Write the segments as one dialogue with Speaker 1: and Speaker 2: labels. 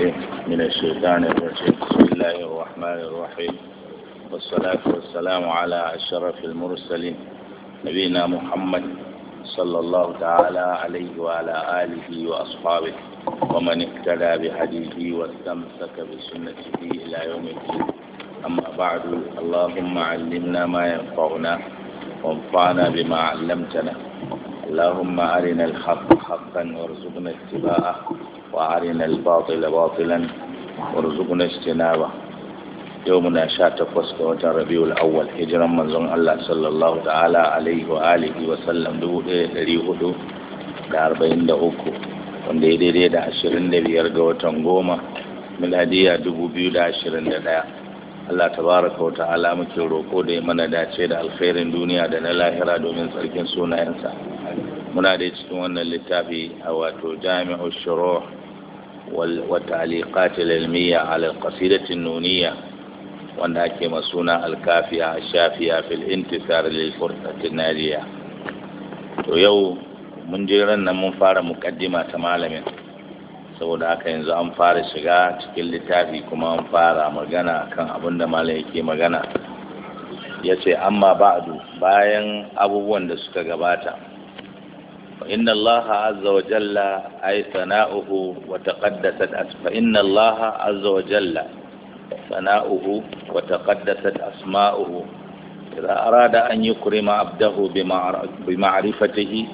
Speaker 1: عليه من الشيطان الرجيم بسم الله الرحمن الرحيم والصلاة والسلام على أشرف المرسلين نبينا محمد صلى الله تعالى عليه وعلى آله وأصحابه ومن اهتدى بحديثه واستمسك بسنته إلى يوم الدين أما بعد اللهم علمنا ما ينفعنا وانفعنا بما علمتنا اللهم أرنا الحق حقا وارزقنا اتباعه وأرنا الباطل باطلا وارزقنا اجتنابه يومنا شات فسك وتربيع الأول هجرا من زن الله صلى الله تعالى عليه وآله وسلم دو دريه دو da arba'in da uku wanda ya daidai da ashirin da biyar ga watan goma miladiya dubu biyu da ashirin da ɗaya Allah tabaraka wa ta'ala muke roƙo da ya mana dace da alkhairin duniya da na lahira domin tsarkin sunayensa muna da cikin wannan littafi a wato jami'ar shuruh والتعليقات العلمية على القصيدة النونية وأنك مسونة الكافية الشافية في الانتصار للفرقة النادية ويو من جيران من فار مقدمة تمالمين saboda haka yanzu an fara shiga cikin littafi kuma an fara magana kan abinda da malam yake magana ya ce amma ba'adu bayan abubuwan da suka gabata فإن الله عز وجل أي ثناؤه وتقدست فإن الله عز وجل ثناؤه وتقدست أسماؤه إذا أراد أن يكرم عبده بمعرفته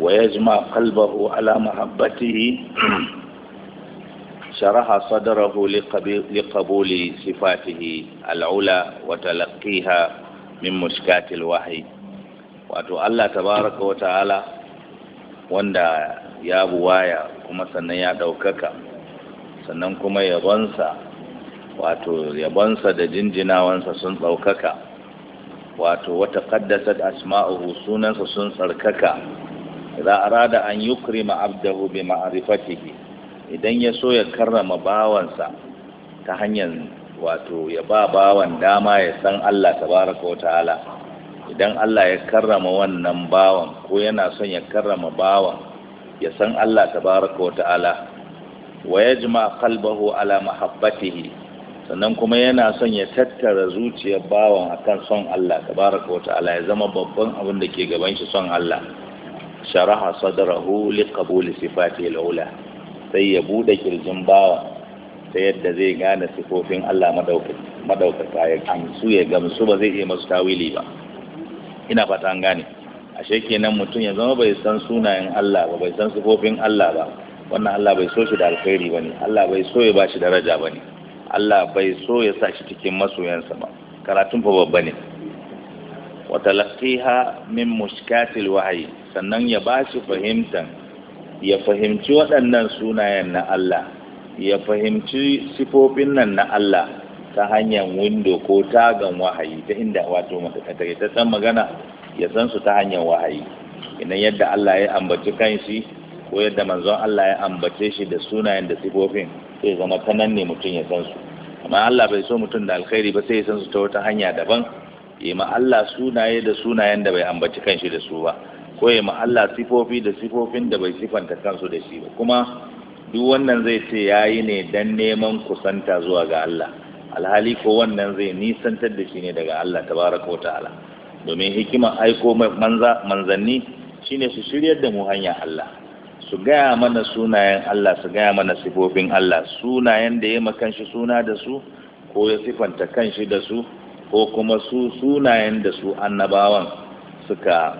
Speaker 1: ويجمع قلبه على محبته شرح صدره لقبول صفاته العلى وتلقيها من مشكات الوحي وأتو الله تبارك وتعالى wanda ya buwaya kuma sannan ya ɗaukaka sannan kuma yabonsa wato yabonsa da jinjinawansa sun ɗaukaka wato wata da asma'uhu sunansa sun tsarkaka za a rada an yi ma abdahu bi ma'arifatihi idan ya so ya karrama bawansa ta hanyar wato ya ba bawan dama ya san Allah ta baraka wa ta'ala idan Allah ya karrama wannan bawan ko yana son ya karrama bawan ya san Allah tabaraka wa ta'ala wa yajma qalbahu ala mahabbatihi sannan kuma yana son ya tattara zuciyar bawan akan son Allah tabaraka wa ta'ala ya zama babban abin da ke gaban shi son Allah sharaha sadrahu liqabul sifatihi alula sai ya bude kirjin bawan ta yadda zai gane sifofin Allah madaukaka ya gamsu ya gamsu ba zai yi masu tawili ba ina fata an gane ashe kenan mutum ya zama bai san sunayen Allah ba bai san sifofin Allah ba wannan Allah bai so shi da alkhairi bane Allah bai so ya bashi daraja bane Allah bai so ya sa shi cikin masoyansa ba karatun fa babba ne wa talaqqiha min mushkatil wahyi sannan ya bashi fahimtan ya fahimci waɗannan sunayen na Allah ya fahimci sifofin nan na Allah ta hanyar windo ko tagan wahayi ta inda wato san magana ya san su ta hanyar wahayi idan yadda Allah ya ambaci kanshi ko yadda manzon Allah ya ambace shi da sunayen da sifofin sai zama ta nan ne mutum ya san su amma Allah bai so mutum da alkhairi ba sai ya san su ta wata hanya daban ya ma Allah sunaye da sunayen da bai ambaci kanshi da su ba ko ya ma Allah sifofi da sifofin da bai sifanta kansu da shi ba kuma duk wannan zai ce yayi ne dan neman kusanta zuwa ga Allah alhali ko wannan zai nisantar da shi ne daga Allah tabaraka wa ta'ala domin hikimar aiko manza manzanni shine su shiryar da mu hanya Allah su gaya mana sunayen Allah su gaya mana sifofin Allah sunayen da ya shi suna da su ko ya sifanta kanshi da su ko kuma su sunayen da su annabawan suka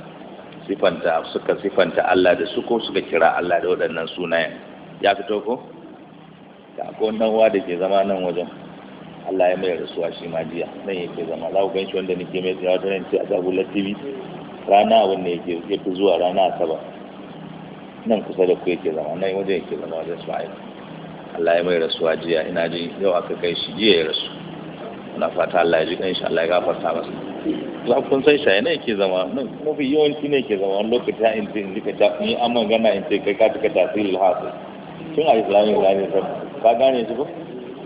Speaker 1: sifanta suka sifanta Allah da su ko suka kira Allah da waɗannan sunayen ya fito ko ta ko nan wa da ke zama nan wajen Allah ya mai rasuwa shi ma jiya nan yake zama za ku ganshi wanda nake mai tsayawa ta nan a Zabula TV rana wanda yake yake zuwa rana Asabar nan kusa da ku yake zama nan wajen yake zama wajen Suhaib Allah ya mai rasuwa jiya ina ji yau aka kai shi jiya ya rasu muna fata Allah ya ji kan shi Allah ya gafarta masa za kun san shi yana yake zama nan mafi yawanci ne yake zama wani lokaci in ce in ka ta ni an gana in ce kai ka tuka tasirin hasu tun a islamin islamin ka gane shi ba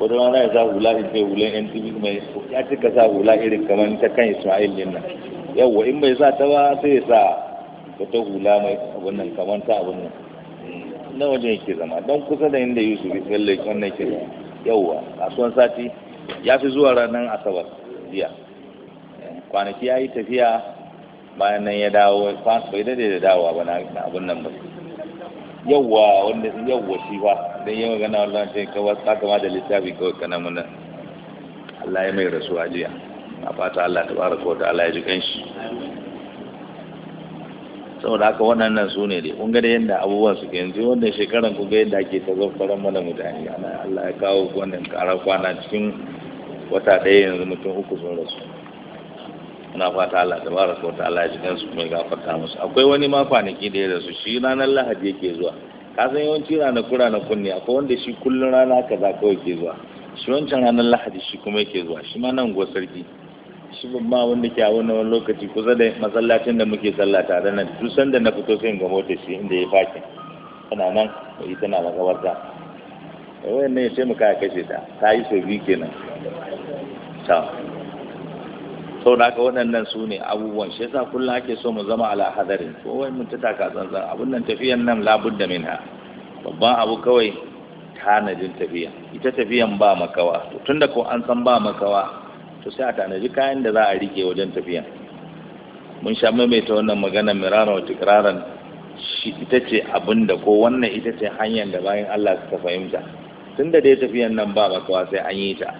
Speaker 1: wadda wani ya sa hula in sai hulan yan tibi mai ya cika sa hula irin kamar ta kan ismail din nan yawwa in bai sa ta ba sai ya sa wata hula mai abun nan kamar ta abun nan hmm, na ya yake zama don kusa da inda yusuf tsalle wannan ke yawwa kasuwan sati ya fi zuwa ranar asabar jiya hmm, kwanaki ya yi tafiya bayan nan ya dawo bai daidai da dawowa ba na abun nan ba yawwa wanda yawwa shi ba don yi magana wallahi ce kawai ta kama da littafi kawai kana muna Allah ya mai rasu ajiya a fata Allah ta baraka wa ta'ala ya ji kanshi saboda haka waɗannan su ne dai kun ga yadda abubuwan suke yanzu wannan shekaran kun ga yadda ake ta zafaran mana mutane ana Allah ya kawo wannan karar kwana cikin wata ɗaya yanzu mutum uku sun rasu muna fata Allah da bara ko ta Allah ya jikan su mai gafarta musu akwai wani ma kwanaki da ya rasu shi ranar Lahadi yake zuwa ka san yawanci kura na kunni akwai wanda shi kullun rana kaza kawai ke zuwa shi wancan ranar Lahadi shi kuma yake zuwa shi ma nan go sarki shi ma wanda ke a wannan lokaci kusa da masallacin da muke sallah tare nan duk sanda na fito sai in ga mota shi inda ya faki tana nan bai tana makabarta wayan ya taimaka ya kashe ta ta yi sau biyu kenan ta sau da haka waɗannan su ne abubuwan shi yasa kullum ake so mu zama ala hadari ko wai mun tata ka zanzan abun nan tafiyan nan da minha babban abu kawai tanajin tafiya ita tafiyan ba makawa to tunda ko an san ba makawa to sai a tanaji kayan da za a rike wajen tafiya mun sha maimaita wannan magana miraran wa tikraran shi ita ce abin da ko wannan ita ce hanyar da bayan Allah suka fahimta tunda dai tafiyan nan ba makawa sai an yi ta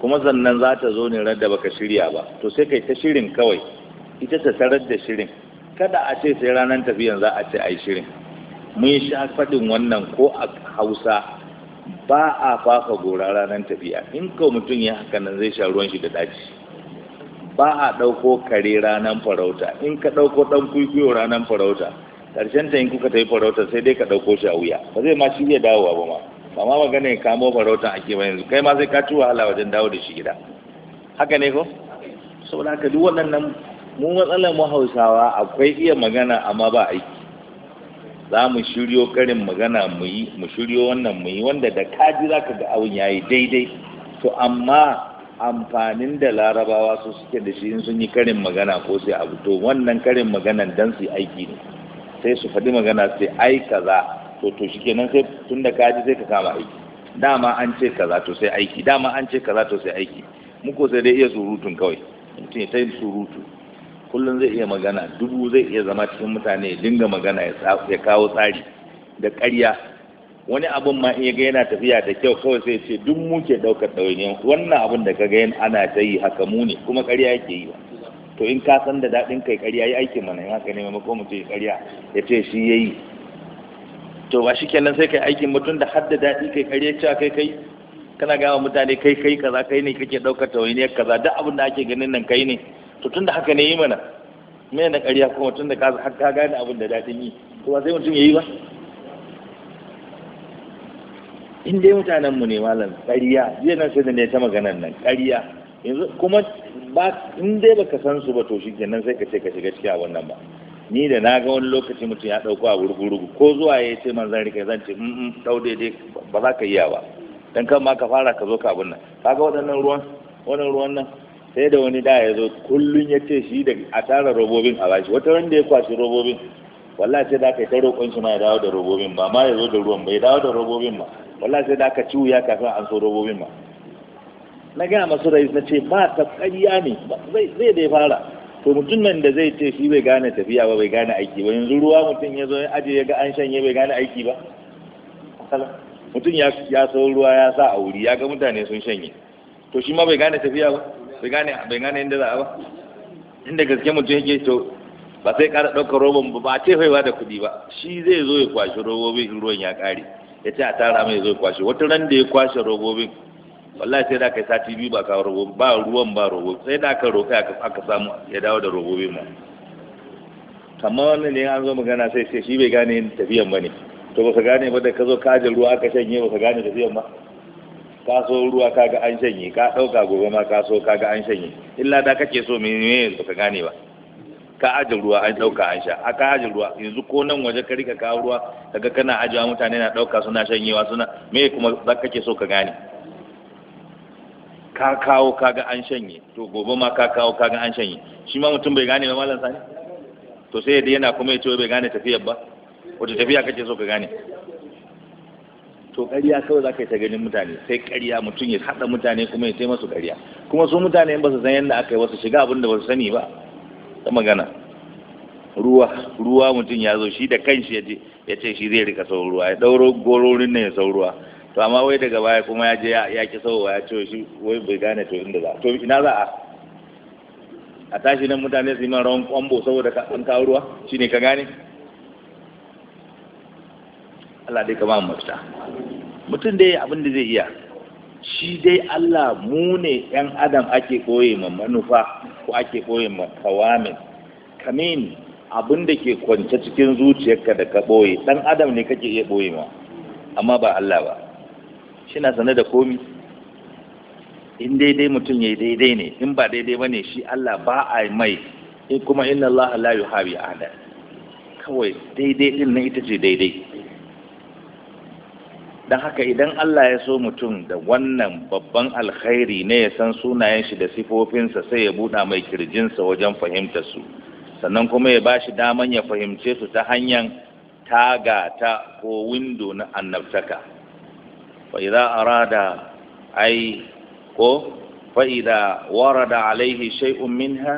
Speaker 1: kuma sannan za ta zo ne ran da baka shirya ba to sai kai ta shirin kawai ita ta tarar da shirin kada a ce sai ranar tafiyan za a ce a yi shirin mun sha faɗin wannan ko a hausa ba a fafa gora ranar tafiya in ka mutum ya haka nan zai sha ruwan shi da daji ba a ɗauko kare ranar farauta in ka ɗauko ɗan kwikwiyo ranar farauta ƙarshen ta in kuka ta yi farauta sai dai ka ɗauko shi a wuya ba zai ma shi iya dawowa ba ma ba ma magana ya kamo farauta ake ba yanzu kai ma sai ka ci wahala wajen dawo da shi gida haka ne ko saboda haka duk waɗannan mu matsalar mu hausawa akwai iya magana amma ba aiki za mu shiryo karin magana mu yi mu shiryo wannan mu yi wanda da kaji za ka ga abin ya yi daidai to amma amfanin da larabawa su suke da shi sun yi karin magana ko sai abu to wannan karin magana dan su yi aiki ne sai su faɗi magana sai ai kaza to to shikenan sai tunda ka ji sai ka kama aiki dama an ce kaza to sai aiki dama an ce kaza to sai aiki sai dai iya surutun kawai mutum ta yin surutu kullum zai iya magana dubu zai iya zama cikin mutane ya dinga magana ya kawo tsari da ƙarya wani abun ma in ga yana tafiya da kyau kawai sai ce duk mu ke ɗaukar ɗawainiyan wannan abun da ka ga yin ana ta yi haka mu ne kuma ƙarya yake yi ba to in ka san da daɗin kai ƙarya ya aiki mana in haka ne maimakon mutum ya ƙarya ya ce shi ya yi to ba shi kenan sai kai aikin mutum da hadda daɗi kai kare cewa kai kai kana gama mutane kai kai kaza kai ne kake ɗauka tawainiyar kaza duk abin da ake ganin nan kai ne to tun da haka ne yi mana me na ƙarya kuma tun da ka ka gane abin da daɗin yi to ba sai mutum ya yi ba in dai mutanen mu ne malam ƙarya jiya nan sai da ne ta maganar nan ƙarya yanzu kuma ba in dai baka san su ba to shi kenan sai ka ce ka shiga cikin wannan ba ni da na ga wani lokaci mutum ya dauko a gurgurugu ko zuwa ya ce man zan rike zan ce mm ɗau daidai ba za ka iya ba dan kan ma ka fara ka zo ka abun nan kaga waɗannan ruwan wannan ruwan nan sai da wani da ya zo kullun ya ce shi da a tara robobin a bashi wata wanda ya kwashi robobin wallahi sai da aka yi ta roƙon shi ma ya dawo da robobin ba ma ya zo da ruwan ba ya dawo da robobin ba? wallahi sai da aka ci wuya kafin an so robobin ba. na gaya masu rais na ce ba ta ƙarya ne zai da ya fara to nan da zai ce shi bai gane tafiya ba bai gane aiki ba yanzu ruwa mutum ya zo ya aje ya ga an shanye bai gane aiki ba mutum ya sau ruwa ya sa a wuri ya ga mutane sun shanye to shi ma bai gane tafiya ba bai gane bai gane inda za a ba inda gaske mutum yake to ba sai kara ɗaukar roban ba ba ce haiwa da kuɗi ba shi zai zo ya kwashi robobin ruwan ya ƙare ya ce a tara mai zo ya kwashe wata ran da ya kwashe robobin wallahi sai da aka yi sati biyu ba ka robobi ba ruwan ba robobi sai da aka roƙa aka samu ya dawo da robobi ma amma wannan ne an zo magana sai sai shi bai gane tafiyan ba ne to ba su gane ba da ka zo ka aje ruwa aka shanye ba su gane tafiyan ba ka so ruwa ka ga an shanye ka ɗauka gobe ma ka so ka ga an shanye illa da kake so me ne ba ka gane ba ka aje ruwa an ɗauka an sha aka aje ruwa yanzu ko nan waje ka rika kawo ruwa kaga kana ajewa mutane na ɗauka suna shanyewa suna me kuma za kake so ka gane ka kawo kaga an shanye to gobe ma ka kawo kaga an shanye shi ma mutum bai gane ba malam sani to sai yadda yana kuma ya ce bai gane tafiyar ba wata tafiya kace so ka gane to ƙarya kawai za ka yi ta ganin mutane sai ƙarya mutum ya haɗa mutane kuma ya taimaka su ƙarya kuma su mutane ba su san yadda aka yi wasu shiga abin da ba su sani ba ta magana ruwa ruwa mutum ya zo shi da kanshi ya ce shi zai rika sauruwa ya ɗauro gororin ne ya sauruwa to amma wai daga baya kuma ya je ya ki sauwa ya ce shi wai bai gane to inda za to ina za a a tashi nan mutane su yi man rawan kwambo saboda an kawo ruwa shine ka gane Allah dai kama mafita mutum dai abin da zai iya shi dai Allah mu ne ‘yan adam ake ɓoye ma manufa ko ake ɓoye ma kawamin kamin abin da ke kwance cikin zuciyarka da ka ɓoye ɗan adam ne kake iya ɓoye ma amma ba Allah ba shi na sane da komi in daidai mutum ya daidai ne in ba daidai ba ne shi Allah ba a mai in kuma inna Allah la yuhawi ahada kawai daidai din nan ita ce daidai don haka idan Allah ya so mutum da wannan babban alkhairi ne ya san sunayen shi da sifofinsa sai ya buɗa mai kirjinsa wajen fahimta su sannan kuma ya ba shi daman ya fahimce su ta hanyar taga ta ko windo na annabtaka فإذا أراد أي ko fa'ida warada alaihi shay'un ha,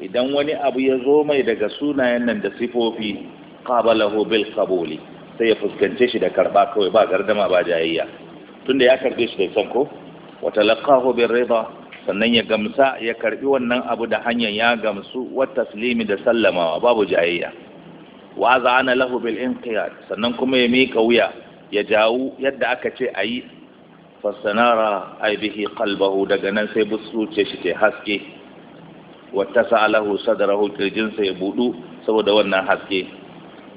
Speaker 1: idan wani abu ya zo mai daga sunayen nan da sifofi qabalahu bil qabuli sai ya fuskance shi da karba kawai ba gardama ba jayayya tunda ya karbe shi da san ko wa talaqahu bir sannan ya gamsa ya karɓi wannan abu da hanyar ya gamsu wata taslimi da sallamawa babu jayayya wa za'ana lahu bil inqiyad sannan kuma ya mika wuya ya jawo yadda aka ce a yi fasanara aibihi kalbahu daga nan sai zuciya shi ta haske wata sa'alahu sadarahu kirjinsa ya budu saboda wannan haske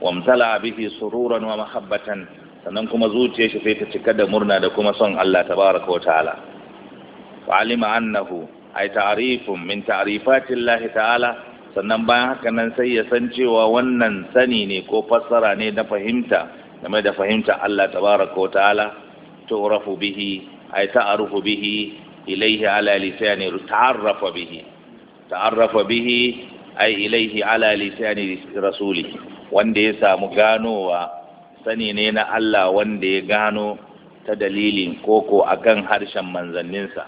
Speaker 1: wamtala bihi sururan wa mahabbatan sannan kuma zuciya shi sai ta cika da murna da kuma son Allah tabaraka wa ta'ala fa annahu ay ta'rifun min ta'rifatillahi ta'ala sannan bayan haka nan sai ya san cewa wannan sani ne ko fassara ne na fahimta game da fahimta Allah tabaraka wa ta'ala tu'rafu bihi ay ta'arufu bihi ilayhi ala lisani ta'arrafa bihi ta'arrafa bihi ay ilayhi ala lisani rasuli wanda ya samu ganowa sani ne na Allah wanda ya gano ta dalilin koko akan harshen manzanninsa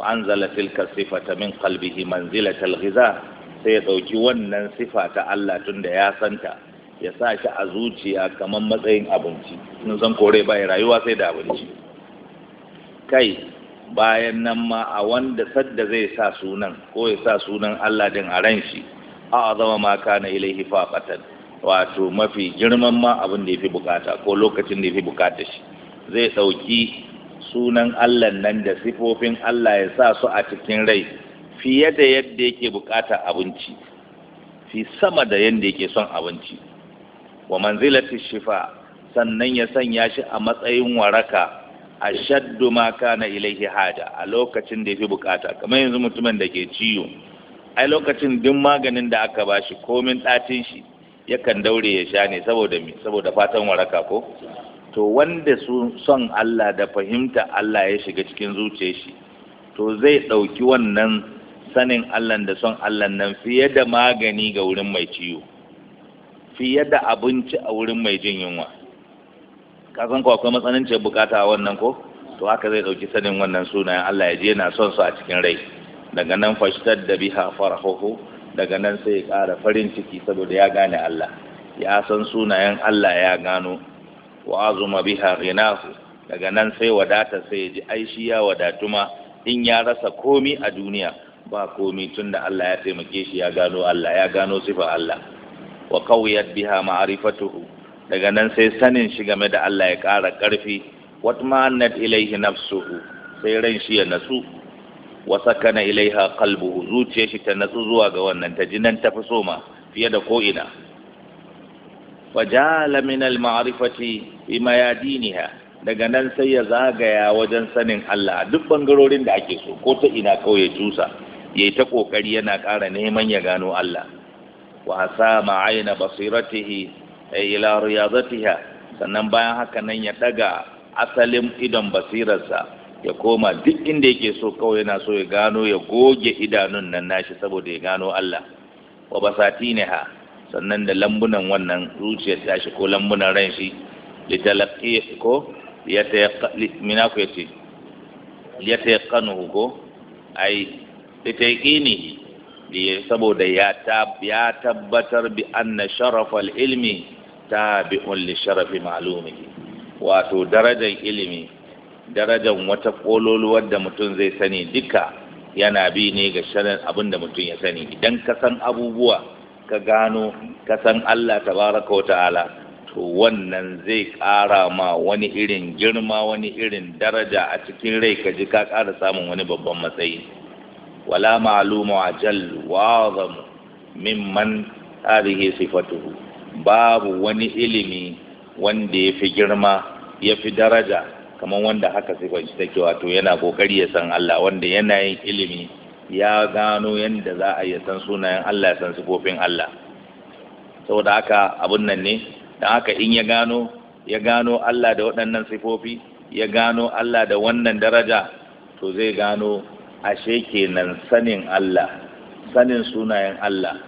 Speaker 1: wa anzala tilka sifata min qalbihi manzilatal ghiza sai ya dauki wannan sifa ta Allah tunda ya santa ya sa shi a zuciya kamar matsayin abinci
Speaker 2: sun san kore bayan
Speaker 1: rayuwa sai da abinci kai bayan nan ma a wanda sadda zai sa sunan ko ya sa sunan Allah din a ran shi a azama ma kana ilaihi faqatan wato mafi girman ma abin da yafi bukata ko lokacin da yafi bukata shi zai dauki sunan Allah nan da sifofin Allah ya sa su a cikin rai fiye da yadda yake bukata abinci fi sama da yadda yake son abinci wa manzilati shifa sannan ya sanya shi a matsayin waraka a shaddu ma kana ilaihi hada a lokacin da yafi bukata kamar yanzu mutumin da ke ciwo ai lokacin duk maganin da aka bashi komin ɗacin shi yakan daure ya sha ne saboda mi saboda fatan waraka ko to wanda su son Allah da fahimta Allah ya shiga cikin zuciyar shi to zai ɗauki wannan sanin Allah da son Allah nan fiye da magani ga wurin mai ciwo fiye da abinci a wurin mai jin yunwa kasan ko akwai matsanancin bukata a wannan ko to haka zai dauki sanin wannan sunayen Allah ya je yana son su a cikin rai daga nan fashtar da biha farahuhu daga nan sai ya ƙara farin ciki saboda ya gane Allah ya san sunayen Allah ya gano wa azuma biha ghinahu daga nan sai wadata sai ya ji aishi ya wadatu ma in ya rasa komi a duniya ba komi tunda Allah ya taimake shi ya gano Allah ya gano sifa Allah wa kawiyat biha ma'rifatuhu daga nan sai sanin shi game da Allah ya ƙara ƙarfi ma'annat ilaihi nafsuhu sai ran shi ya nasu. wa sakana ilaiha qalbuhu zuciyar shi ta natsu zuwa ga wannan ta ji nan ta fi ma fiye da ko ina wa ja'ala min al-ma'rifati bi mayadiniha daga nan sai ya zagaya wajen sanin Allah duk bangarorin da ake so ko ta ina kawai ya tusa yayi ta kokari yana ƙara neman ya gano Allah وأسام عين بصيرته إلى رياضتها sannan bayan haka nan ya daga asalin idon basirarsa ya koma duk inda yake so kawai yana so ya gano ya goge idanun nan nashi saboda ya gano Allah wa basatiniha sannan da lambunan wannan zuciyar tashi ko lambunan ran shi litalaqi ko ya mina ku yace ya tayaqqanuhu ko ai litayqinihi saboda ya tabbatar bi anna sharafal ilmi tabi'un li sharafi ma'lumihi wato darajar ilimi darajar wata kololuwar da mutum zai sani duka yana bi ne ga sharan abin da mutum ya sani idan ka san abubuwa ka gano ka san Allah tabaraka wa ta'ala to wannan zai ƙara ma wani irin girma wani irin daraja a cikin rai ka ji ka ƙara samun wani babban matsayi wala ma'lumu ajallu wa azamu mimman hadhihi sifatuhu babu wani ilimi wanda ya fi girma ya fi daraja kamar wanda haka sifar shi take wato yana kokari ya san Allah wanda yana yin ilimi ya gano yadda za a yi san sunayen Allah ya san sifofin Allah saboda haka abun nan ne don haka in ya gano ya gano Allah da waɗannan sifofi ya gano Allah da wannan daraja to zai gano ashe kenan sanin Allah sanin sunayen Allah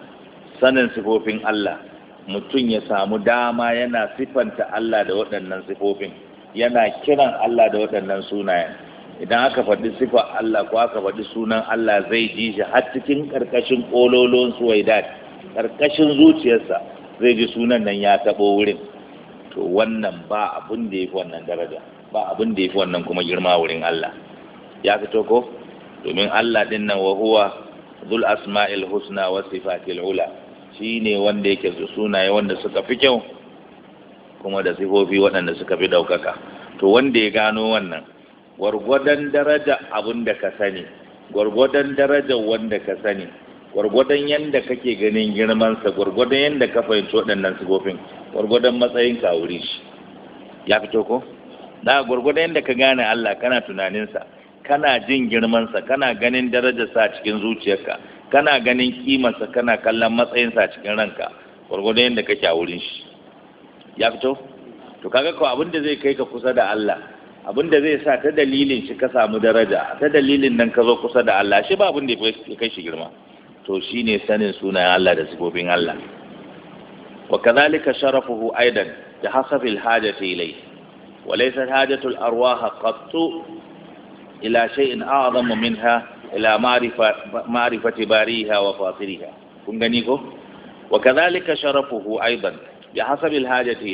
Speaker 1: sanin sifofin Allah mutum ya samu dama yana sifanta Allah da waɗannan sifofin yana kiran Allah da waɗannan sunayen idan aka faɗi sifa Allah ko aka faɗi sunan Allah zai ji shi har cikin ƙarƙashin ƙololon suwaidat ƙarƙashin zuciyarsa zai ji sunan nan ya taɓo wurin to wannan ba abin da ya fi wannan daraja ba abin da ya fi wannan kuma girma wurin Allah ya fito ko domin Allah ɗin nan wa huwa zul asma'il husna wa sifatil ula shi ne wanda yake su sunaye wanda suka fi kyau kuma da sifofi waɗanda suka fi ɗaukaka. to wanda ya gano wannan gwargwadon daraja abin da ka sani gwargwadon daraja wanda ka sani gwargwadon yadda kake ganin girmansa gwargwadon yadda ka fahimci waɗannan sifofin, gwargwadon matsayin ka wuri shi ya fito ko na gwargwadon yadda ka gane Allah kana tunaninsa kana jin girmansa kana ganin darajarsa a cikin zuciyarka kana ganin kimarsa kana kallon matsayinsa a cikin ranka gwargwadon yadda kake a wurin shi ya fito to kaga ko abin da zai kai ka kusa da Allah abin da zai sa ta dalilin shi ka samu daraja ta dalilin nan ka zo kusa da Allah shi ba abin da ya kai shi girma to shine sanin sunayen Allah da sifofin Allah wa kadhalika sharafuhu aidan da hasafil hajati ilayhi wa laysa hajatul arwah qattu ila shay'in a'zamu minha ila ma'rifati bariha wa fatiriha kun gani ko wa kadhalika sharafuhu aidan bi hasabi alhajati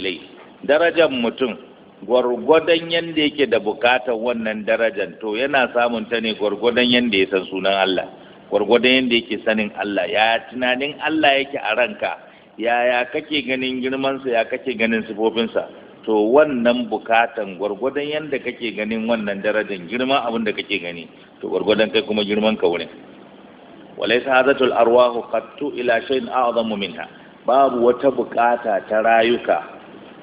Speaker 1: darajar mutum gwargwadon yanda yake da bukatar wannan darajar to yana samun ta ne gwargwadon yanda ya san sunan Allah gwargwadon yanda yake sanin Allah ya tunanin Allah yake a ranka yaya kake ganin girmansa ya kake ganin sifofinsa to wannan bukatan gwargwadon yadda kake ganin wannan darajar girma abin da kake gani to gwargwadon kai kuma girman ka wurin walai hadatul arwahu qattu ila shay'in a'zamu minha babu wata bukata ta rayuka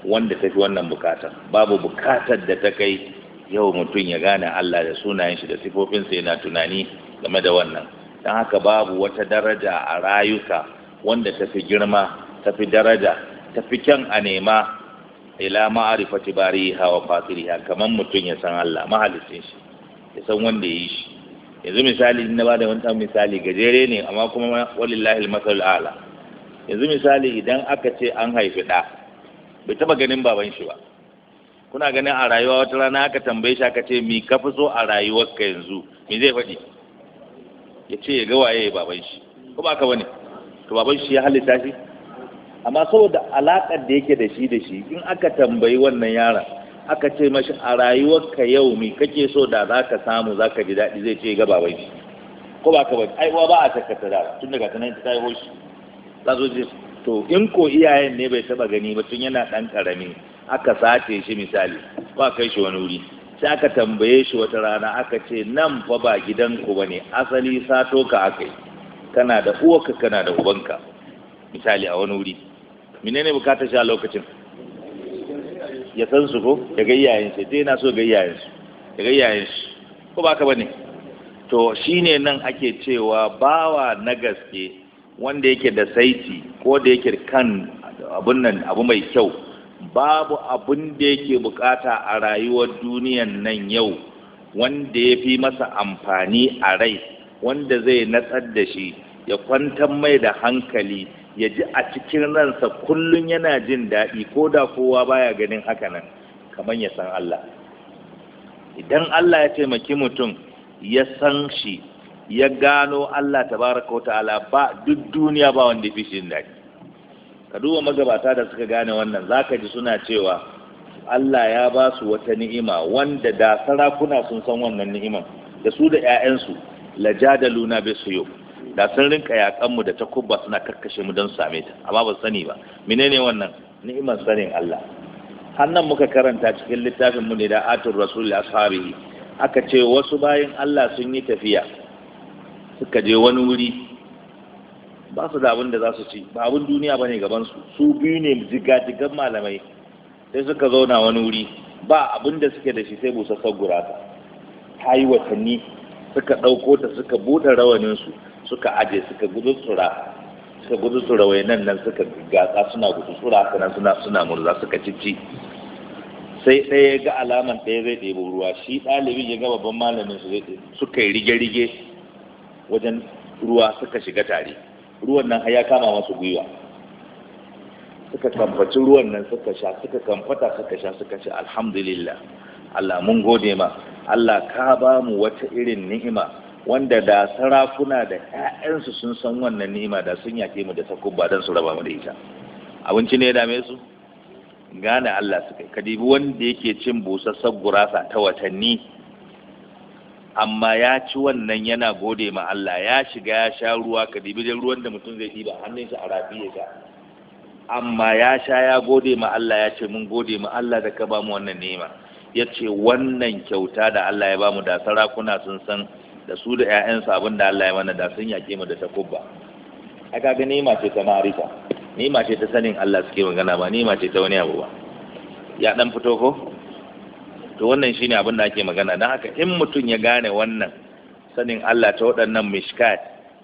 Speaker 1: wanda ta fi wannan bukata babu bukatar da ta kai yau mutum ya gane Allah da sunayen shi da sifofinsa yana tunani game da wannan don haka babu wata daraja a rayuka wanda ta fi girma ta fi daraja ta fi kyan a nema ila ma'arifati bariha wa fatiriha kaman mutum ya san Allah mahalicin shi ya san wanda ya yi shi yanzu misali na bada wani ɗan misali gajere ne amma kuma walillahi al ala yanzu misali idan aka ce an haifi da bai taba ganin baban shi ba kuna ganin a rayuwa wata rana aka tambaye shi aka ce mi ka fi so a rayuwarka yanzu me zai faɗi ya ce ya ga waye baban shi ko ba ka bane to baban shi ya halitta shi amma saboda alaƙar da yake da shi da shi in aka tambayi wannan yaron aka ce mashi a rayuwarka yau mi kake so da za ka samu za ka ji daɗi zai ce gaba bai ko ba ka bai ai ba a sakata da tun daga tunan ta yi hoshi za su ce to in ko iyayen ne bai taba gani ba tun yana ɗan ƙarami aka sace shi misali ba kai shi wani wuri sai aka tambaye shi wata rana aka ce nan fa ba gidanku ba ne asali sato ka aka yi kana da uwarka kana da ubanka misali a wani wuri menene bukatar shi a lokacin ya san su ko ya ga iyayen shi dai na so ga iyayen ya ga iyayen shi ko ba ka bane to shine nan ake cewa bawa na gaske wanda yake da saiti ko da yake kan abun nan abu mai kyau babu abun da yake bukata a rayuwar duniyan nan yau wanda ya fi masa amfani a rai wanda zai natsar da shi ya kwantar mai da hankali ya ji a cikin ransa kullum yana jin daɗi ko da kowa baya ganin haka nan kamar ya san Allah idan Allah ya taimaki mutum ya san shi ya gano Allah tabaraka wa ta'ala ba duk duniya ba wanda fi shi daɗi ka duba magabata da suka gane wannan zaka ji suna cewa Allah ya ba su wata ni'ima wanda da sarakuna sun san wannan ni'iman da su da 'ya'yansu lajadaluna bisuyu da sun rinka yakan da takubba suna karkashe mu don same ta amma ba sani ba menene wannan ni'imar sanin Allah hannan muka karanta cikin littafin mu ne da atur rasul ashabihi aka ce wasu bayan Allah sun yi tafiya suka je wani wuri ba su da abin da za su ci ba abin duniya bane gaban su su biyu ne jigajigan malamai sai suka zauna wani wuri ba abin da suke da shi sai busassar gurata ta yi watanni suka ɗauko ta suka buɗe rawaninsu suka aje suka gudu tsura suka gudu tsura wai nan suka gasa suna gudu tsura kana suna suna murza suka cici sai ɗaya ya ga alaman ɗaya zai ɗebo ruwa shi ɗalibin ya ga babban malamin su zai suka yi rige-rige wajen ruwa suka shiga tare ruwan nan ya kama masu gwiwa suka kamfaci ruwan nan suka sha suka kamfata suka sha suka ce alhamdulillah Allah mun gode ma Allah ka ba mu wata irin ni'ima wanda da sarakuna da 'ya'yansu sun san wannan nima da sun yake mu da takubba don su raba mu da ita abinci ne ya dame su gane Allah su kai kadibi wanda yake cin busassar gurasa ta watanni amma ya ci wannan yana gode ma Allah ya shiga ya sha ruwa kadibi da ruwan da mutum zai ɗiba hannun shi a rafi ya amma ya sha ya gode ma Allah ya ce mun gode ma Allah da ka ba mu wannan nima ya ce wannan kyauta da Allah ya ba mu da sarakuna sun san da su da 'ya'yansa abin da Allah ya mana da sun yaƙe mu da takubba ai kaga nima ce ta marifa nima ce ta sanin Allah suke magana ba nima ce ta wani abu ba ya dan fito ko to wannan shine abin da ake magana dan haka in mutum ya gane wannan sanin Allah ta waɗannan mishkat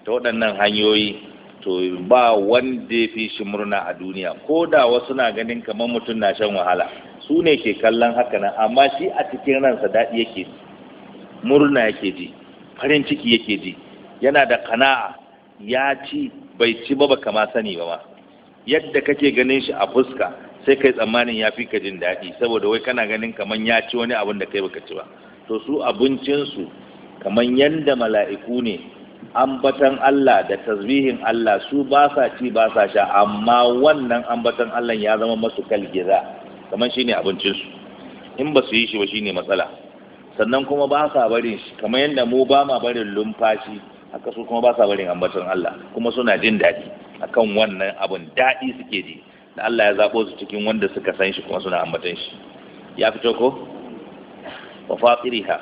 Speaker 1: ta waɗannan hanyoyi to ba wanda ya fi shi murna a duniya ko da wasu na ganin kamar mutum na shan wahala su ne ke kallon haka nan amma shi a cikin ransa daɗi yake murna yake ji farin ciki yake ji yana da kana'a ya ci bai ci ba baka ma sani ba ma yadda kake ganin shi a fuska sai kai tsammanin ya fi ka jin daɗi saboda wai kana ganin kamar ya ci wani abin da kai baka ci ba to su abincinsu kamar yadda mala'iku ne ambatan Allah da tasbihin Allah su ba sa ci ba sa sha amma wannan ambatan Allah ya zama masu kalgiza kamar shine abincinsu in ba su yi shi ba shine matsala sannan kuma ba sa barin shi kamar yadda mu ba ma barin lumfashi haka su kuma ba sa barin ambaton Allah kuma suna jin daɗi akan wannan abun daɗi suke ji da Allah ya zaɓo su cikin wanda suka san shi kuma suna ambaton shi ya fito ko wa fatiriha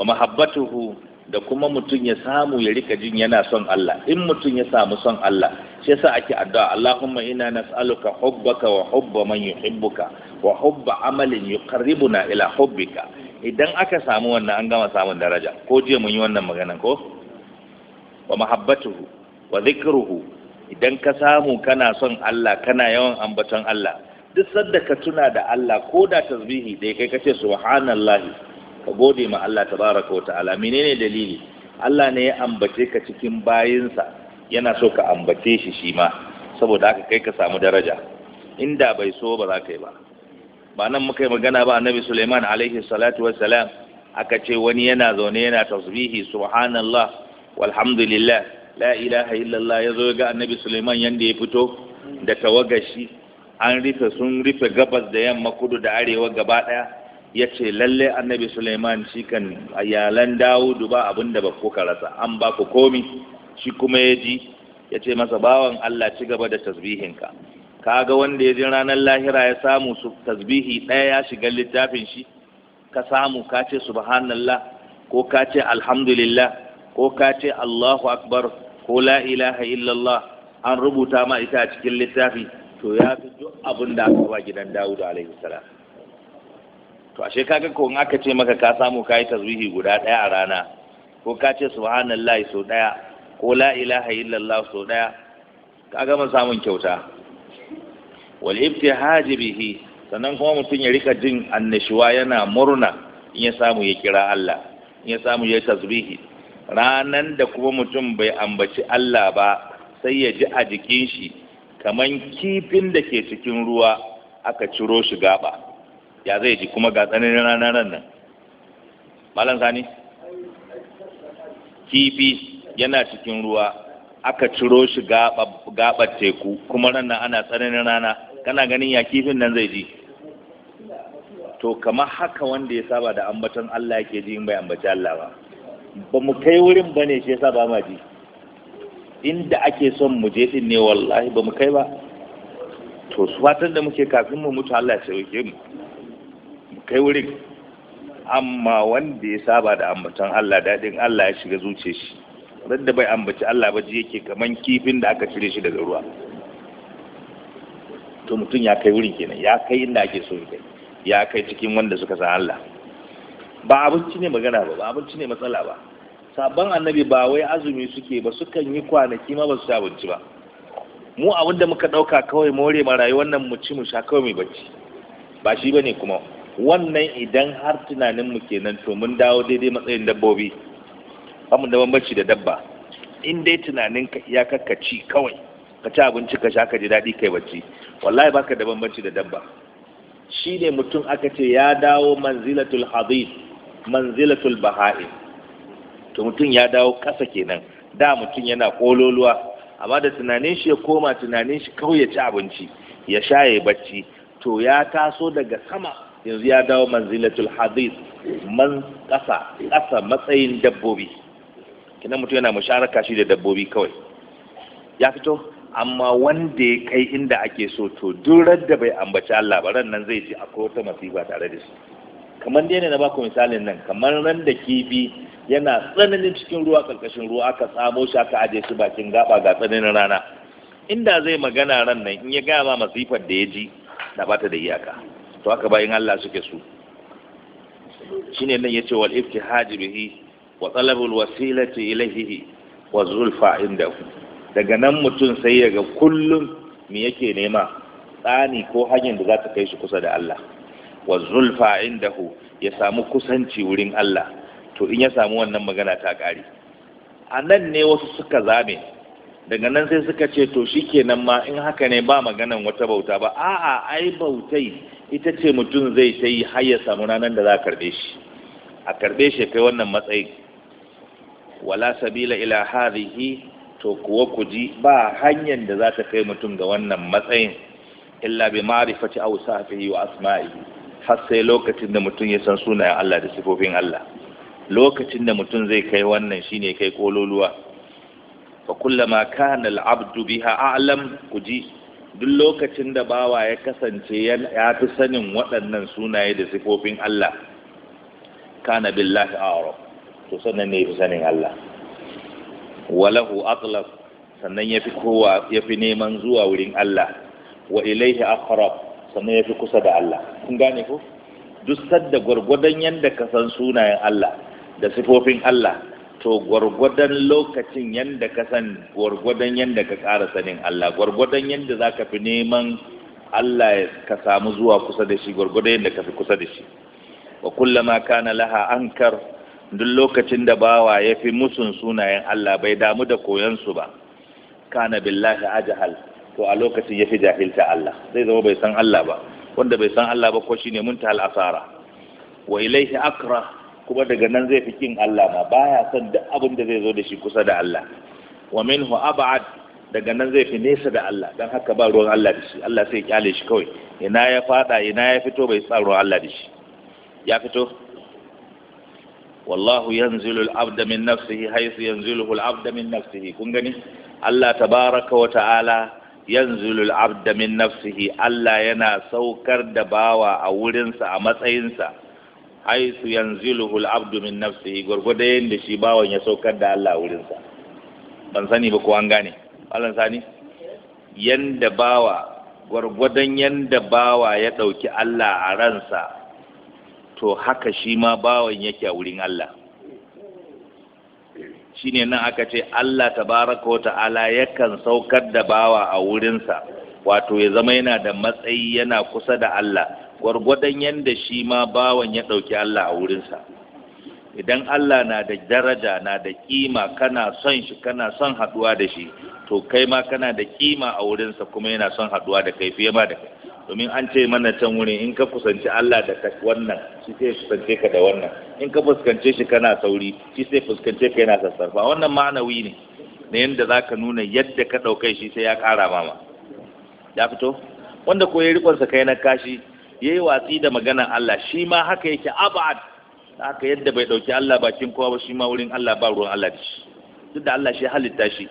Speaker 1: wa mahabbatuhu da kuma mutum ya samu ya rika jin yana son Allah in mutum ya samu son Allah shi yasa ake addu'a Allahumma ina nas'aluka hubbaka wa hubba man yuhibbuka wa hubba amalin yuqarribuna ila hubbika idan aka samu wannan an gama samun daraja ko jiya mun yi wannan maganan ko wa mahabbatuhu wa zikruhu idan ka samu kana son Allah kana yawan ambaton Allah duk sanda ka tuna da Allah ko da tasbihi da kai kace subhanallahi ka gode ma Allah tabaaraka wa ta'ala menene dalili Allah ne ya ambace ka cikin bayinsa yana so ka ambace shi shi ma saboda haka kai ka samu daraja inda bai so ba za ka yi ba ba nan muka yi magana ba annabi Suleiman alaihi salatu wassalam aka ce wani yana zaune yana tasbihi subhanallah walhamdulillah la ilaha illallah ya zo ga annabi Suleiman yanda ya fito da tawagashi an rufe sun rufe gabas da yamma kudu da arewa gaba daya ya ce lalle annabi Suleiman shi kan iyalan Dawudu ba abinda ba kuka rasa an ba ku komi shi kuma ya ji ya ce masa bawan Allah ci gaba da tasbihinka kaga wanda ya je ranar lahira ya samu su tasbihi ɗaya ya shiga littafin shi ka samu ka ce subhanallah ko ka ce alhamdulillah ko ka ce allahu akbar ko la ilaha illallah an rubuta ma ita a cikin littafi to ya fi duk abin da aka ba gidan dawud alaihi salam to ashe kaga ko in aka ce maka ka samu ka yi tasbihi guda ɗaya a rana ko ka ce subhanallah sau ɗaya ko la ilaha illallah sau ɗaya ka gama samun kyauta walibti haji bihi sannan kuma mutum ya rika jin annashuwa yana murna in ya samu ya kira Allah in ya samu ya tasbihi ranan da kuma mutum bai ambaci Allah ba sai ya ji a jikin shi kaman kifin da ke cikin ruwa aka ciro shi gaba ya zai ji kuma ga tsananin ranar nan malam sani kifi yana cikin ruwa aka ciro shi gaɓar teku kuma ranar ana tsananin rana kana ganin ya kifin nan zai ji to kamar haka wanda ya saba da ambaton Allah yake ji in bai ambaci Allah ba ba mu kai wurin ba ne shi ya ba ma ji inda ake son mu je din ne wallahi ba mu kai ba to su fatan da muke kafin mu mutu Allah ya sauke mu mu kai wurin amma wanda ya saba da ambaton Allah dadin Allah ya shiga zuciyar shi da bai ambaci Allah ba ji yake kaman kifin da aka cire shi daga ruwa to mutum ya kai wurin kenan ya kai inda ake so ya kai ya kai cikin wanda suka san Allah ba abinci ne magana ba ba abinci ne matsala ba sabon annabi ba wai azumi suke ba su kan yi kwanaki ma ba su sha abinci ba mu abin da muka ɗauka kawai more ma rayuwar nan mu ci mu sha kawai mai bacci ba shi bane kuma wannan idan har tunanin mu kenan to mun dawo daidai matsayin dabbobi ba mu da bambanci da dabba in dai tunanin ka iya ci kawai ka ci abinci ka sha ka ji daɗi kai bacci wallahi ka da bambanci da dabba shi ne mutum aka ce ya dawo manzilatul hadid manzilatul Baha'i. to mutum ya dawo ƙasa kenan da mutum yana kololuwa amma da tunanin shi ya koma tunanin shi kawai ya ci abinci ya sha ya bacci to ya taso daga sama yanzu ya dawo manzilatul hadid man ƙasa ƙasa matsayin dabbobi kina mutum yana musharaka shi da dabbobi kawai ya fito amma wanda ya kai inda ake so to durar da bai ambaci Allah ba ran nan zai ji akwai wata masifa tare da su. kamar dai ne na baku misalin nan kamar ran da kifi yana tsananin cikin ruwa karkashin ruwa aka samo shi aka aje shi bakin gaba ga tsananin rana inda zai magana ran nan in ya gaya ma masifar da ya ji da bata da iyaka to haka bayan Allah suke su shine nan yace wal iftihaj bihi wa talabul wasilati ilayhi wa zulfa indahu daga nan mutum sai daga kullum me yake nema tsani ko hanyar da za ta kai shi kusa da Allah wa zulfa indahu ya samu kusanci wurin Allah to in ya samu wannan magana ta ƙari. a nan ne wasu suka zame daga nan sai suka ce to shi shikenan ma in haka ne ba maganan wata bauta ba a'a ai bautai ita ce mutum zai ta yi har ya samu ranar da za a karbe shi a karbe shi kai wannan matsayi wala sabila ila hadhihi to kuwa ku ji ba hanyar da za ta kai mutum ga wannan matsayin illa bi ma'rifati aw yi wa asma'i har sai lokacin da mutum ya san sunayen Allah da sifofin Allah lokacin da mutum zai kai wannan shine kai kololuwa fa kullama kana al-abdu biha a'lam ji. duk lokacin da bawa ya kasance ya fi sanin waɗannan sunaye da sifofin Allah kana billahi ara to sannan ne fi sanin Allah walahu atlaf sannan yafi kowa yafi neman zuwa wurin Allah wa ilaihi aqrab sannan yafi kusa da Allah kun gane ko duk sadda gwargwadon yanda ka san sunayen Allah da sifofin Allah to gwargwadon lokacin yanda ka san gwargwadon yanda ka ƙara sanin Allah gwargwadon yanda za fi neman Allah ka samu zuwa kusa da shi gwargwadon yanda ka fi kusa da shi wa kullama kana laha ankar duk lokacin da bawa ya fi musun sunayen Allah bai damu da koyansu ba kana billahi ajahal to a lokacin ya fi jahilta Allah zai zama bai san Allah ba wanda bai san Allah ba ko shine muntahal asara wa ilaihi akra kuma daga nan zai fi kin Allah ma baya son da abin da zai zo da shi kusa da Allah wa minhu ab'ad daga nan zai fi nesa da Allah dan haka ba ruwan Allah da shi Allah sai kyale shi kawai ina ya fada ina ya fito bai sa ruwan Allah da shi ya fito wallahu yanzilu al-abda min nafsihi haythu yanziluhu al-abda min nafsihi kun gani Allah tabaraka wa ta'ala yanzilu al-abda min nafsihi Allah yana saukar da bawa a wurinsa a matsayinsa haythu yanziluhu al-abdu min nafsihi gurgurda yanda shi bawan ya saukar da Allah a wurinsa ban sani ba ko an gane Allah sani yanda bawa gwargwadon yanda bawa ya ɗauki Allah a ransa to haka shi ma bawan yake a wurin Allah Shi ne nan aka ce Allah tabaraka wa ta'ala yakan saukar da bawa a wurinsa wato ya zama yana da matsayi yana kusa da Allah gwargwadon yadda shi ma bawan ya ɗauki Allah a wurinsa idan Allah na da daraja na da kima kana son shi kana son haɗuwa da shi to kai ma kana da kima a wurinsa kuma yana son haɗuwa da kai fiye ma da kai domin an ce mana can wuri in ka kusanci Allah da wannan shi sai kusance ka da wannan in ka fuskance shi kana sauri shi sai fuskance ka yana sassarfa wannan ma'anawi ne na yadda za ka nuna yadda ka ɗaukai shi sai ya ƙara mama ya fito wanda ko ya rikonsa kai na kashi ya yi watsi da maganar Allah shi ma haka yake abad haka yadda bai ɗauki Allah bakin kowa ba shi ma wurin Allah ba ruwan Allah shi duk da Allah shi halitta shi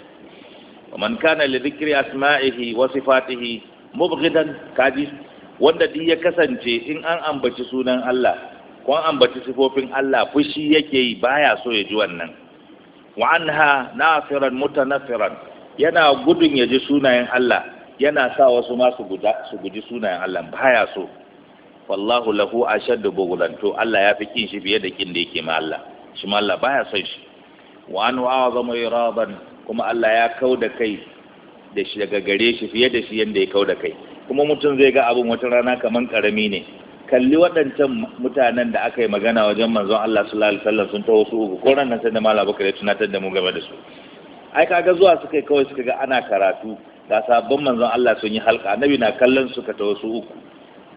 Speaker 1: ومن كان لذكر أسمائه وصفاته mubghidan kadi wanda duk ya kasance in an ambaci sunan Allah ko an ambaci sifofin Allah fushi yake yi baya so ya ji wannan wa anha nasiran mutanafiran yana gudun ya ji sunayen Allah yana sa wasu ma su guda su guji sunayen Allah baya so wallahu lahu ashaddu bughlan to Allah ya fi kin shi fiye da kin da yake ma Allah shi ma Allah baya son shi wa an a'zamu iraban kuma Allah ya kau da kai da shi daga gare shi fiye da shi yadda ya kau da kai kuma mutum zai ga abin wata rana kamar karami ne kalli waɗancan mutanen da aka yi magana wajen manzon Allah sallallahu alaihi wasallam sun taho su uku ko nan sai da malam Bakar ya tunatar da mu game da su ai kaga zuwa suka yi kawai suka ga ana karatu ga sabon manzon Allah sun yi halka annabi na kallon su ka tawo su uku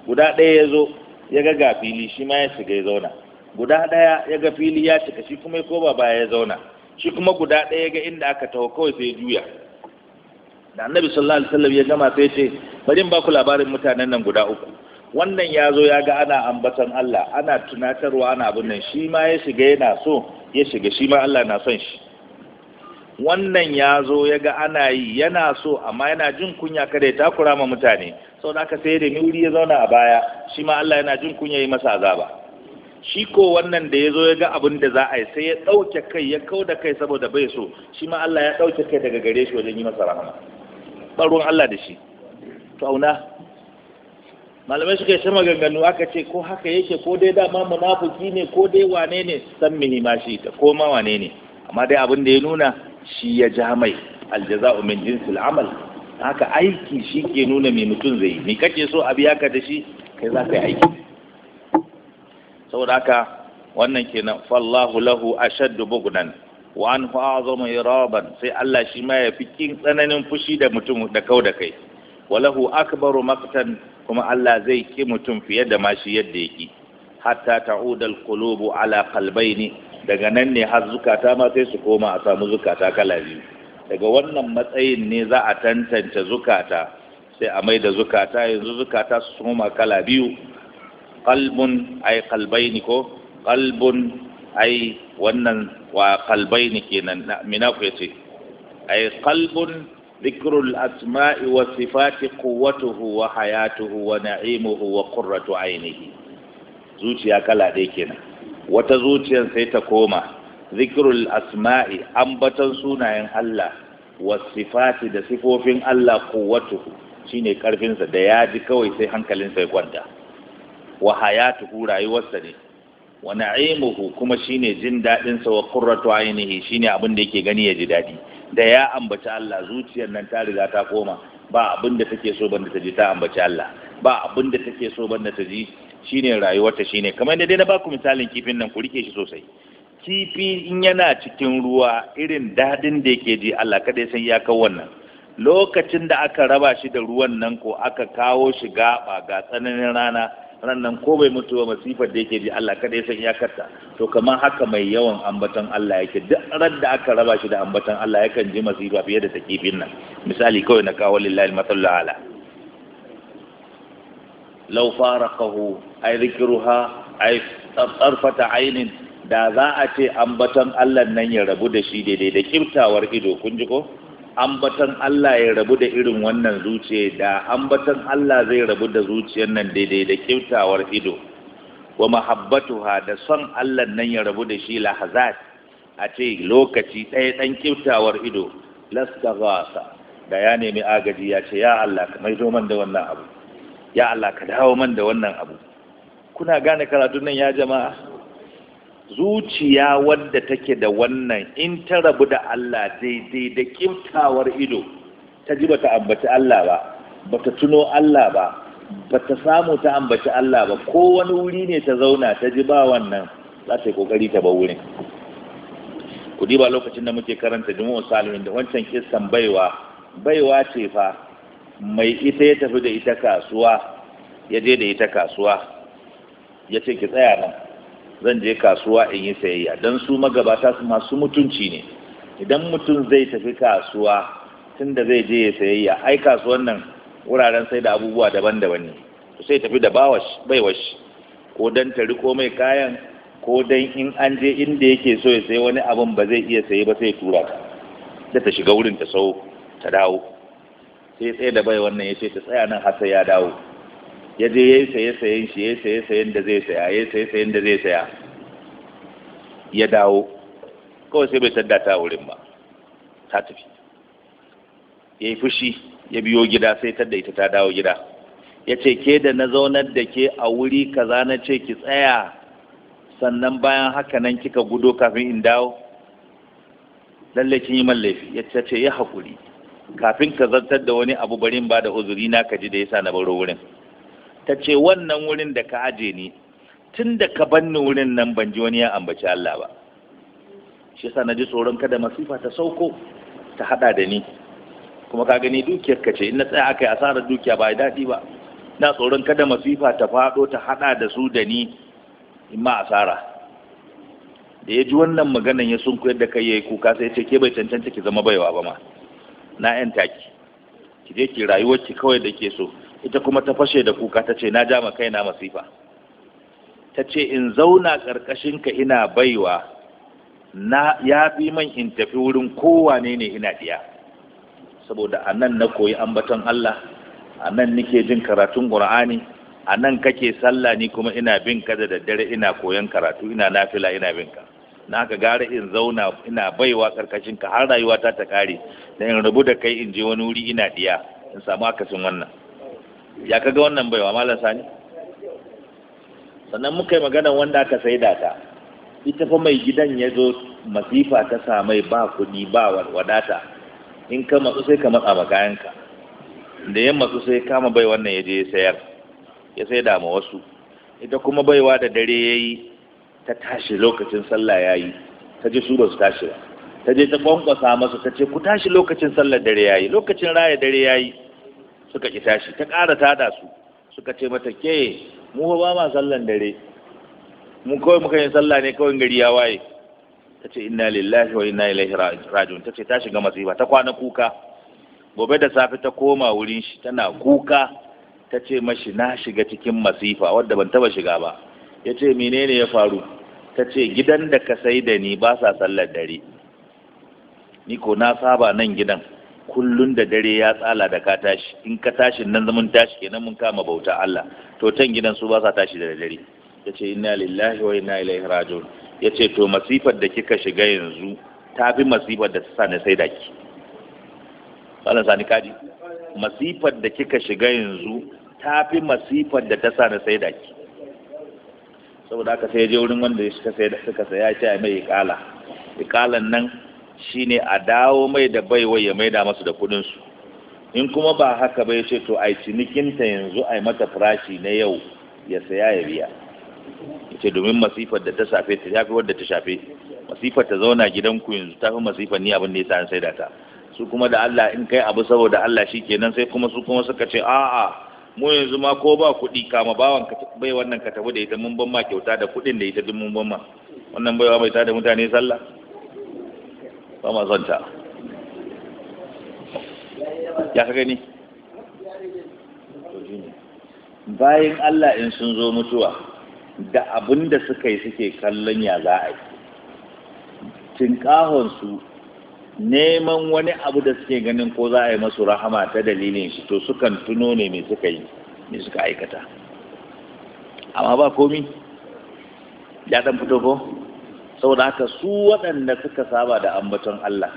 Speaker 1: guda ɗaya ya zo ya ga ga fili shi ma ya shiga ya zauna guda ɗaya ya ga fili ya cika shi kuma ya koba baya ya zauna shi kuma guda ɗaya ya ga inda aka taho kawai sai ya juya da annabi sallallahu alaihi wasallam ya gama sai ce bari in baku labarin mutanen nan guda uku wannan ya zo ya ga ana ambaton Allah ana tunatarwa ana abin nan shi ma ya shiga yana so ya shiga shi ma Allah na son shi wannan ya zo ya ga ana yi yana so amma yana jin kunya kada ya takura ma mutane sau da sai da wuri ya zauna a baya shi ma Allah yana jin kunya yi masa azaba shi ko wannan da ya zo ya ga abin da za a yi sai ya ɗauke kai ya kau da kai saboda bai so shi ma Allah ya ɗauke kai daga gare shi wajen yi masa rahama baruwan Allah da shi to auna malamai suka yi sama ganganu aka ce ko haka yake ko dai dama munafuki ne ko dai wane ne san mini ma shi ta ko ma wane ne amma dai abin da ya nuna shi ya ja mai aljaza'u min jinsil amal haka aiki shi ke nuna mai mutum zai yi ni kake so a biya ka da shi kai za ka yi aiki saboda haka wannan kenan fallahu lahu ashaddu nan. wa an fa'azama iraban sai Allah shi ma ya fi kin tsananin fushi da mutum da kau da kai walahu akbaru maqtan kuma Allah zai ki mutum fiye da ma shi yadda yake hatta ta'udal qulubu ala qalbaini daga nan ne har zukata ma sai su koma a samu zukata kala biyu daga wannan matsayin ne za a tantance zukata sai a mai da zukata yanzu zukata su koma kala biyu qalbun ay qalbaini ko qalbun ai wannan wa kalbai ne kenan mina ku yace ai kalbun dhikrul asma'i wa sifati quwwatuhu wa hayatuhu wa na'imuhu wa qurratu ainihi zuciya kala ɗaya kenan wata zuciyar sai ta koma dhikrul asma'i ambatan sunayen Allah wa sifati da sifofin Allah quwwatuhu shine karfinsa da ya ji kawai sai hankalinsa ya kwanta wa hayatuhu rayuwarsa ne wa na'imuhu kuma shine jin dadin sa wa qurratu ainihi shine abin da yake gani ya ji dadi da ya ambaci Allah zuciyar nan ta riga ta koma ba abin da take so banda ta ji ta ambaci Allah ba abin da take so banda ta ji shine rayuwarta shine kamar yadda dai na baku misalin kifin nan ku rike shi sosai kifi in yana cikin ruwa irin dadin da yake ji Allah kada ya san ya kawo wannan lokacin da aka raba shi da ruwan nan ko aka kawo shi gaba ga tsananin rana rannan ko bai mutu ba masifar da yake ji Allah kada ya san karta to kamar haka mai yawan ambaton Allah yake duk ran da aka raba shi da ambaton Allah yakan ji masifa fiye da takifin nan misali kawai na kawo lillahi al ala law faraqahu ay dhikruha ay tsarfata ainin da za a ce ambaton Allah nan ya rabu da shi daidai da kimtawar ido kun ji ko ambatan Allah ya rabu da irin wannan zuciya da ambatan Allah zai rabu da zuciyar nan daidai da kyautawar ido wa mahabbatuha da son Allah nan ya rabu da shi lahazat a ce lokaci ɗaya ɗan kyautawar ido lastaghasa da ya nemi agaji ya ce ya Allah ka maido man da wannan abu ya Allah ka dawo man da wannan abu kuna gane karatun nan ya jama'a zuciya wadda take da wannan in ta rabu da Allah daidai da kimtawar ido ta ji ba ta ambaci Allah ba ba ta tuno Allah ba ba ta samu ta ambaci Allah ba ko wani wuri ne ta zauna ta ji ba wannan za ta yi kokari ta ba wurin ku ba lokacin da muke karanta jumu'u salihin da wancan kissan baiwa baiwa ce fa mai ita ya tafi da ita kasuwa ya je da ita kasuwa ya ce ki tsaya nan zan je kasuwa in yi sayayya don su magabata su masu mutunci ne idan mutum zai tafi kasuwa tun da zai je ya sayayya ai kasuwan nan wuraren sai da abubuwa daban-daban ne sai tafi da baiwashi ko don tari, ko mai kayan ko don in an je inda yake so ya sayi wani abin ba zai iya sayi ba sai tura da ta shiga wurin ta sau ta dawo sai tsaye da bai wannan ya ce ta tsaya nan har sai ya dawo ya je ya yi saye sayen shi ya saye sayen da zai saya ya saye sayen da zai saya ya dawo kawai sai bai tadda ta wurin ba ta tafi ya yi fushi ya biyo gida sai tadda ita ta dawo gida ya ce ke da na zaunar da ke a wuri kaza na ce ki tsaya sannan bayan haka nan kika gudo kafin in dawo lalle kin yi man laifi ya ce ya haƙuri kafin ka zartar da wani abu barin ba da uzuri na ka ji da yasa na baro wurin ta ce wannan wurin da ka aje ni tun da ka banni wurin nan ban ji wani ya ambaci Allah ba shi yasa na ji tsoron kada masifa ta sauko ta hada da ni kuma ka gani dukiyar ka ce in na tsaya aka yi asarar dukiya ba daɗi ba na tsoron kada masifa ta fado ta hada da su da ni in ma asara da ya ji wannan maganan ya sun yadda da kai yayi kuka sai ce ke bai cancanta ki zama baiwa ba ma na yan taki ki je ki rayuwar ki kawai da ke so ita kuma ta fashe da kuka ta ce na ja ma kaina masifa ta ce in zauna ka ina baiwa na ya fi man in tafi wurin kowane ne ina diya saboda a nan na koyi ambaton Allah a nan nike jin karatun ƙur'ani a nan kake sallah ni kuma ina bin ka da daddare ina koyon karatu ina nafila ina bin ka na ka gara in zauna ina baiwa ƙarƙashinka har rayuwa ta ƙare da in rabu da kai in je wani wuri ina diya in samu akasin wannan ya kaga wannan baiwa malam sani sannan muka yi magana wanda aka saida ta ita fa mai gidan ya zo masifa ta samai ba kuɗi ba wadata in ka matsu sai ka matsa ma kayanka da yin matsu sai kama bai wannan ya je ya sayar ya saida ma wasu ita kuma baiwa da dare ya yi ta tashi lokacin sallah ya yi ta ji su ba su tashi ba ta je ta kwankwasa masu ta ce ku tashi lokacin sallar dare ya yi lokacin raya dare ya yi suka ƙi tashi ta ƙara tada su suka ce mata ke mu ba ma sallan dare mun kawai muka yin sallah ne kawai gari ya waye ta ce inna lillahi wa inna ilaihi rajiun ta ce ta shiga masifa ta kwana kuka gobe da safe ta koma wurin shi tana kuka ta ce mashi na shiga cikin masifa wadda ban taba shiga ba ya ce menene ya faru ta ce gidan da ka sai da ni ba sa sallar dare ni ko na saba nan gidan kullun da dare ya tsala da ka tashi in ka tashi nan zaman tashi kenan mun kama bauta Allah to tan gidan su ba sa tashi da dare yace inna lillahi wa inna ilaihi raji'un yace to masifar da kika shiga yanzu ta fi masifar da ta sa ne sai da ki Allah sani kadi masifar da kika shiga yanzu ta fi masifar da ta sa ne sai da ki saboda haka sai ya je wurin wanda suka saya suka saya ya ce mai ikala ikalan nan shine a dawo mai da baiwa ya maida masu da kudinsu. in kuma ba haka bai ce to ai cinikinta yanzu a mata farashi na yau ya saya ya biya ce domin masifar da ta safe ta shafe wadda ta shafe masifar ta zauna gidanku yanzu ta fi masifar ni abin da ya sa da ta su kuma da Allah in kai abu saboda Allah shi kenan sai kuma su kuma suka ce a'a mu yanzu ma ko ba kuɗi kama bawan bai wannan ka tafi da ita mun ban ma kyauta da kuɗin da ita duk mun ban ma wannan baiwa bai ta da mutane sallah ba ma ya ka gani bayan Allah in sun zo mutuwa da abin da suka yi suke kallon ya za a yi tinkahonsu neman wani abu da suke ganin ko za a yi masu rahama ta dalilin shi to sukan tuno ne mai suka yi mai suka aikata amma ba komi ya dan fito ko saboda haka su waɗanda suka saba da ambaton Allah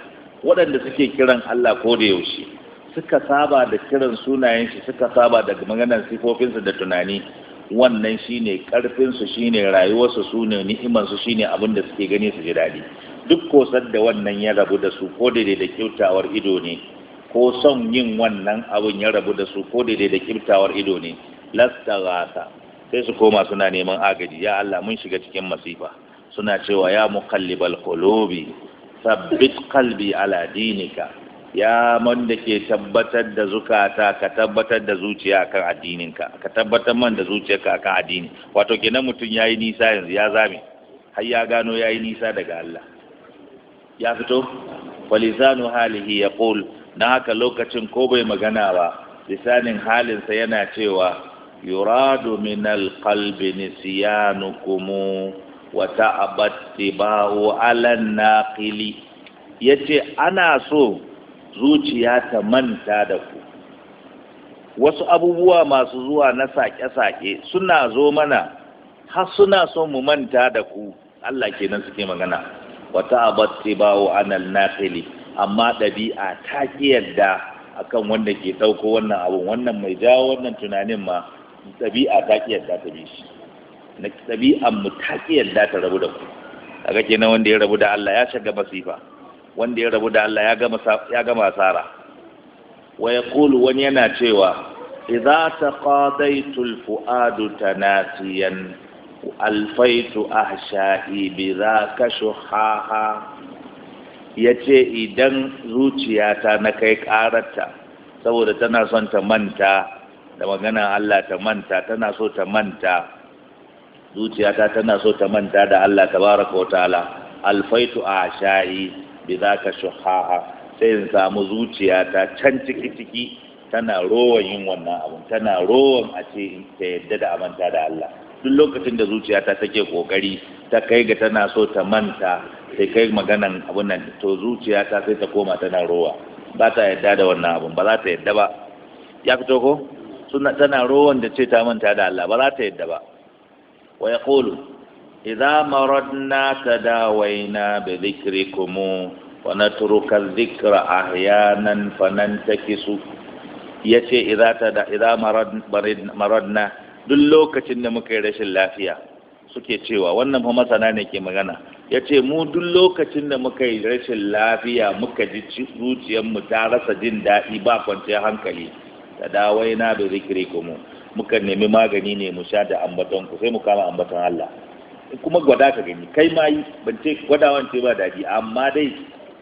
Speaker 1: waɗanda suke kiran Allah ko da yaushe suka saba da kiran sunayen shi suka saba da maganar sifofinsa da tunani wannan shine karfin su shine rayuwarsu su ne ni'imar su shine abin da suke gani su ji daɗi duk kosar da wannan ya rabu da su ko da da kyautawar ido ne ko son yin wannan abin ya rabu da su ko da da kyautawar ido ne lasta sai su koma suna neman agaji ya Allah mun shiga cikin masifa suna cewa ya muqallibal qulubi sabbit qalbi ala dinika ya man da ke tabbatar da zukata ka tabbatar da zuciya kan addininka ka tabbatar man da zuciyarka kan addini wato kenan mutum yayi nisa yanzu ya zame har ya gano yayi nisa daga Allah ya fito walisanu halihi ya ƙul na haka lokacin ko bai magana ba lisanin halinsa yana cewa yuradu min alqalbi nisyanukumu wata abattibahu alan naqili yace ana so zuciya ta manta da ku wasu abubuwa masu zuwa na sake-sake suna zo mana har suna so mu manta da ku Allah kenan suke magana wata abattibahu anan naqili amma ɗabi'a ta ƙi akan wanda ke ɗauko wannan abun wannan mai jawo wannan tunanin ma ɗabi'a ta ƙi yadda ta bi shi na ɗabi'an mu ta ki yadda ta rabu da ku A ga kenan wanda ya rabu da Allah ya shiga masifa wanda ya rabu da Allah ya gama asara wa ƙulu wani yana cewa idza taqadaitu tana tanasiyan alfaitu ahsha'i bi dhaka shuhaha yace idan zuciyata na kai karata saboda tana son ta manta da maganar Allah ta manta tana so ta manta zuciyata tana so ta manta da Allah tabaraka wa ta'ala alfaitu a sha'i bi zaka shuhaha sai in samu zuciyata can ciki ciki tana rowan yin wannan abun tana rowan a ce ta yadda da amanta da Allah duk lokacin da zuciyata take kokari ta kai ga tana so ta manta sai kai maganan abun nan to zuciyata sai ta koma tana rowa ba ta yadda da wannan abun ba za ta yadda ba ya fito ko suna tana rowan da ce ta manta da Allah ba za ta yadda ba wa yaqulu idza maradna tadawaina bi dhikrikum wa natruka dhikra ahyanan fanantakisu yace idza tada idza maradna duk lokacin da muka yi rashin lafiya suke cewa wannan fa masana ne ke magana yace mu duk lokacin da muka yi rashin lafiya muka ji mu ta rasa jin daɗi ba kwanciyar hankali tadawaina bi dhikrikum muka nemi magani ne mu sha da ambaton ku sai mu kama ambaton Allah kuma gwada ka gani kai ma yi ban ce gwadawan ce ba daji. amma dai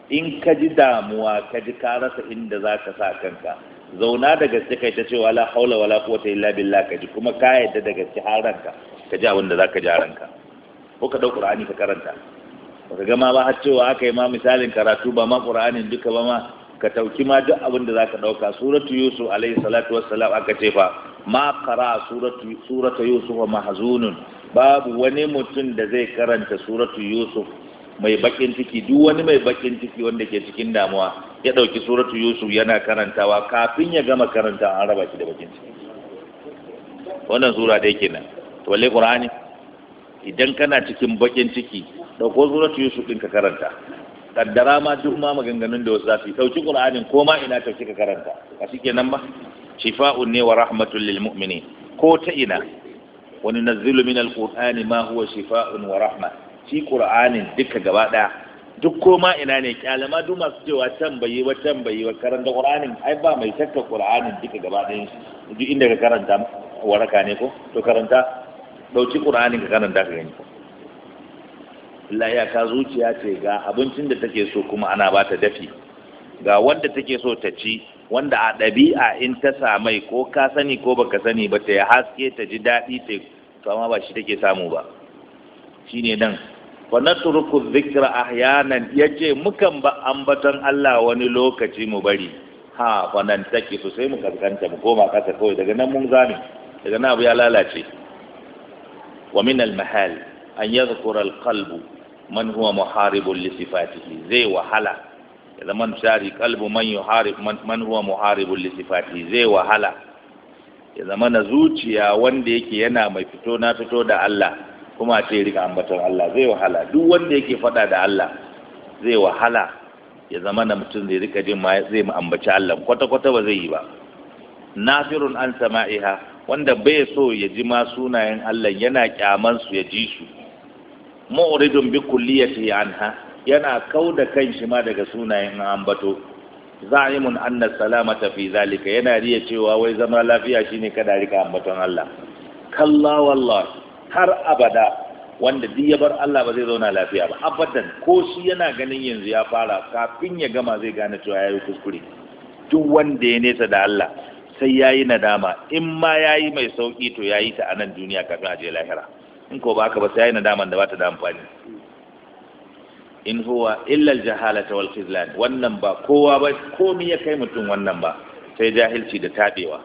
Speaker 1: in ka ji damuwa ka ji ka rasa inda za ka sa kanka zauna da gaske kai ta cewa la haula wala quwwata illa billah ka ji kuma ka yadda da gaske haranka ka ji abin da za ka ji haranka. ko ka dau qur'ani ka karanta ka gama ba har cewa aka yi ma misalin karatu ba ma qur'anin duka ba ma ka tauki ma duk abin da zaka dauka suratu yusuf alaihi salatu wassalam aka ce fa ma qara suratu suratu yusuf mahzunun babu wani mutum da zai karanta suratu yusuf mai bakin ciki duk wani mai bakin ciki wanda ke cikin damuwa ya dauki suratu yusuf yana karantawa kafin ya gama karanta an raba shi da bakin ciki wannan sura da yake nan to wallahi qur'ani idan kana cikin bakin ciki dauko suratu yusuf din ka karanta kaddara ma duk ma maganganun da wasu za su yi ɗauki ƙur'anin ko ma ina ta ka karanta a cikin nan ba shifa'un ne wa rahmatul lil mu'minin ko ta ina wani nazzilu min alqur'ani ma huwa shifa'un wa rahma shi qur'anin duka gaba daya duk ko ma ina ne kyalama duk masu cewa can bayi wa can bayi wa karanta qur'anin ai ba mai shakka qur'anin duka gaba ɗayan duk inda ka karanta waraka ne ko to karanta ɗauki qur'anin ka karanta ka gani ko Allah ya ka zuciya ce ga abincin da take so kuma ana ba ta dafi ga wanda take so ta ci wanda a ɗabi'a in ta samai ko ka sani ko baka sani ba ta haske ta ji daɗi ta to amma ba shi take samu ba shine nan wa nasruku dhikra ahyanan yace mukan ba ambaton Allah wani lokaci mu bari ha fa nan take so sai mu kankanta mu koma kasa kawai daga nan mun zame daga nan abu ya lalace wa min al mahal an yadhkura al qalbu man huwa muharibun li sifatihi zai wahala ya zama shari kalbu man yuharib man huwa muharibun li sifatihi zai wahala ya zama na zuciya wanda yake yana mai fito na fito da Allah kuma a ce rika ambaton Allah zai wahala duk wanda yake fada da Allah zai wahala ya zama na mutum zai rika jin ma zai mu ambaci Allah kwata kwata ba zai yi ba nafirun an sama'iha wanda bai so ya ji ma sunayen Allah yana kyaman su ya ji su mu'ridun bi kulliyati anha yana kau da kan shi ma daga sunayen ambato za'imun anna salamata fi zalika yana riya cewa wai zama lafiya shine kada rika ambaton Allah kalla wallahi har abada wanda duk ya bar Allah ba zai zauna lafiya ba abadan ko shi yana ganin yanzu ya fara kafin ya gama zai gane cewa yayi kuskure duk wanda ya nesa da Allah sai yayi nadama in ma yayi mai sauki to yayi ta a nan duniya kafin a je lahira in ko ba haka ba sai yayi nadaman da ba ta da amfani in huwa illa aljahalata wal khizlan wannan ba kowa ba komai ya kai mutum wannan ba sai jahilci da tabewa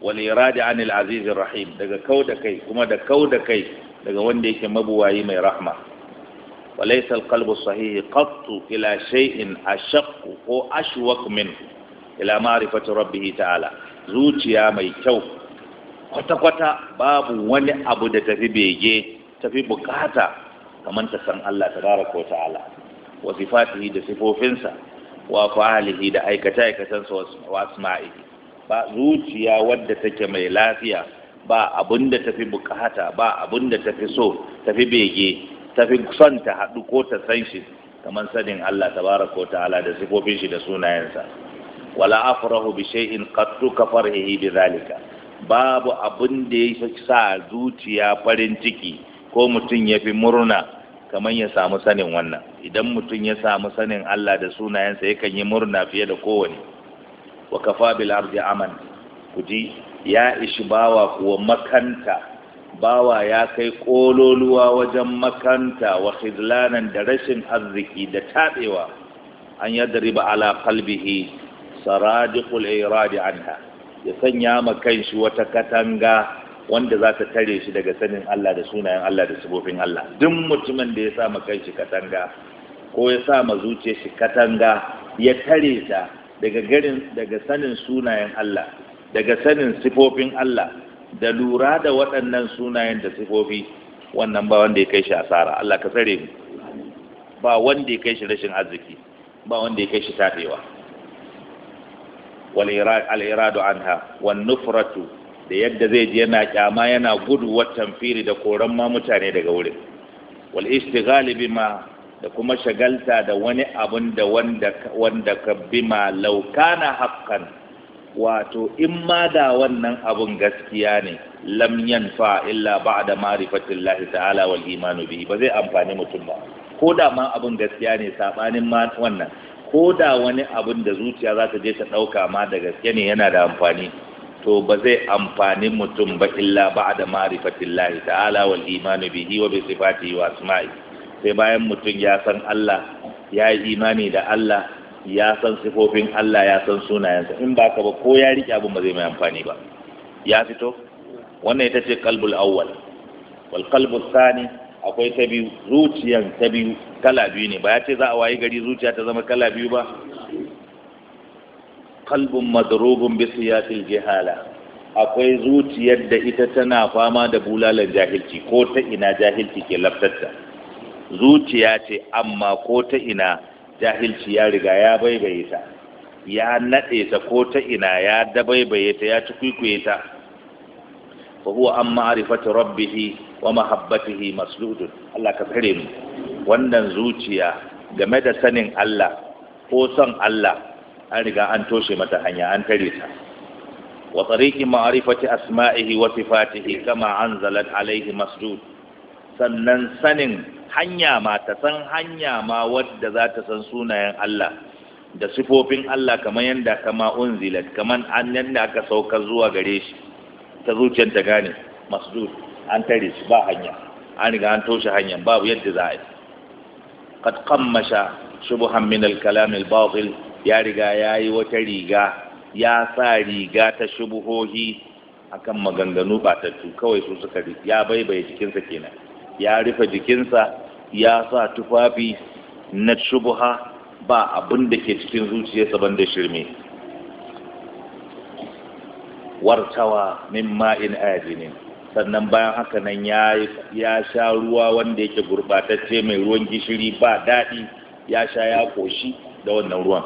Speaker 1: wal irada anil aziz rahim daga kauda kai kuma da kauda kai daga wanda yake mabuwayi mai rahma walaysa alqalbu sahih qattu ila shay'in ashaqqu ko ashwaq min ila ma'rifati rabbihi ta'ala zuciya mai kyau kwata-kwata babu wani abu da tafi bege tafi bukata kamar ta san Allah ta tabaraka ko ta'ala wa sifatihi da sifofinsa wa fa'alihi da aikata-aikatansa wa asma'i ba zuciya wadda take mai lafiya ba abin da tafi bukata ba abin da tafi so tafi bege tafi son ta haɗu ko ta san shi kamar sanin Allah ta bara ko ta'ala da sifofin shi da sunayensa wala afrahu bi shay'in qattu ka farhihi bi zalika babu abin da ya sa zuciya farin ciki ko mutum ya fi murna kamar ya samu sanin wannan idan mutum ya samu sanin Allah da sunayensa yakan yi murna fiye da kowane wa kafa bil ardi aman kuji ya ishi bawa kuwa makanta bawa ya kai kololuwa wajen makanta wa khizlanan da rashin arziki da tabewa an yadriba ala qalbihi saradiqul iradi anha ya sanya ma shi wata katanga wanda za ta tare shi daga sanin Allah da sunayen Allah da sifofin Allah duk mutumin da ya sa ma shi katanga ko ya sa ma zuciyar shi katanga ya tare ta daga garin daga sanin sunayen Allah daga sanin sifofin Allah da lura da waɗannan sunayen da sifofi wannan ba wanda ya kai shi asara Allah ka tsare mu ba wanda ya kai shi rashin arziki ba wanda ya kai shi tadewa an ha, wan Furatu, da yadda zai ji yana kyama yana gudu watan firi da koran ma mutane daga wurin wal istighali bima da kuma shagalta da wani abun da wanda ka bima laukana hakan? wato in ma da wannan abun gaskiya ne lam fa illa da ma'rifatillahi ta'ala wal imanu bihi ba zai amfani mutum ba ko da ma abin gaskiya ne sabanin wannan ko da wani abin da zuciya za ta je ta ɗauka ma da gaske ne yana da amfani to ba zai amfani mutum ba illa ba da marifatin lahi ta'ala wal imani bihi wa bi sifatihi wa asma'i sai bayan mutum ya san Allah ya yi imani da Allah ya san sifofin Allah ya san sunayensa in ba ka ba ko ya rike abin ba zai mai amfani ba ya fito wannan ita ce kalbul awwal wal kalbul sani. akwai ta biyu zuciyan ta biyu kala biyu ne ba ya ce za a wayi gari zuciya ta zama kala biyu ba kalbin madarobin bisu ya jihala akwai zuciyar da ita tana fama da bulalar jahilci ko ta ina jahilci ke laftarta zuciya ce amma ko ta ina jahilci ya riga ya baibaye ta ya naɗe ta ko ta ina ya dabaibaye ta ya ci kwikwaye ta fa huwa an ma'arifata rabbihi wa mahabbatihi masludun Allah ka tsare mu wannan zuciya game da sanin Allah ko son Allah an riga an toshe mata hanya an tare ta wa tariqi ma'rifati asma'ihi wa sifatihi kama anzalat Alayhi masdud sannan sanin hanya ma ta san hanya ma wadda za ta san sunayen Allah da sifofin Allah kamar yanda kama unzilat kamar an yadda aka sauka zuwa gare shi ta zuciyar ta gane masdud an tare shi ba hanya an riga an toshe hanyar babu yadda za a yi kad kammasha shubhan min al-kalam al-batil ya riga yayi wata riga ya sa riga ta shubuhohi akan maganganu batattu kawai su suka ri ya baibaye jikinsa kenan ya rufe jikinsa ya sa tufafi na shubuha ba abin da ke cikin zuciyarsa banda shirme wartawa min in ajinin sannan bayan haka nan ya sha ruwa wanda yake gurbatacce mai ruwan gishiri ba daɗi ya sha ya ƙoshi da wannan ruwan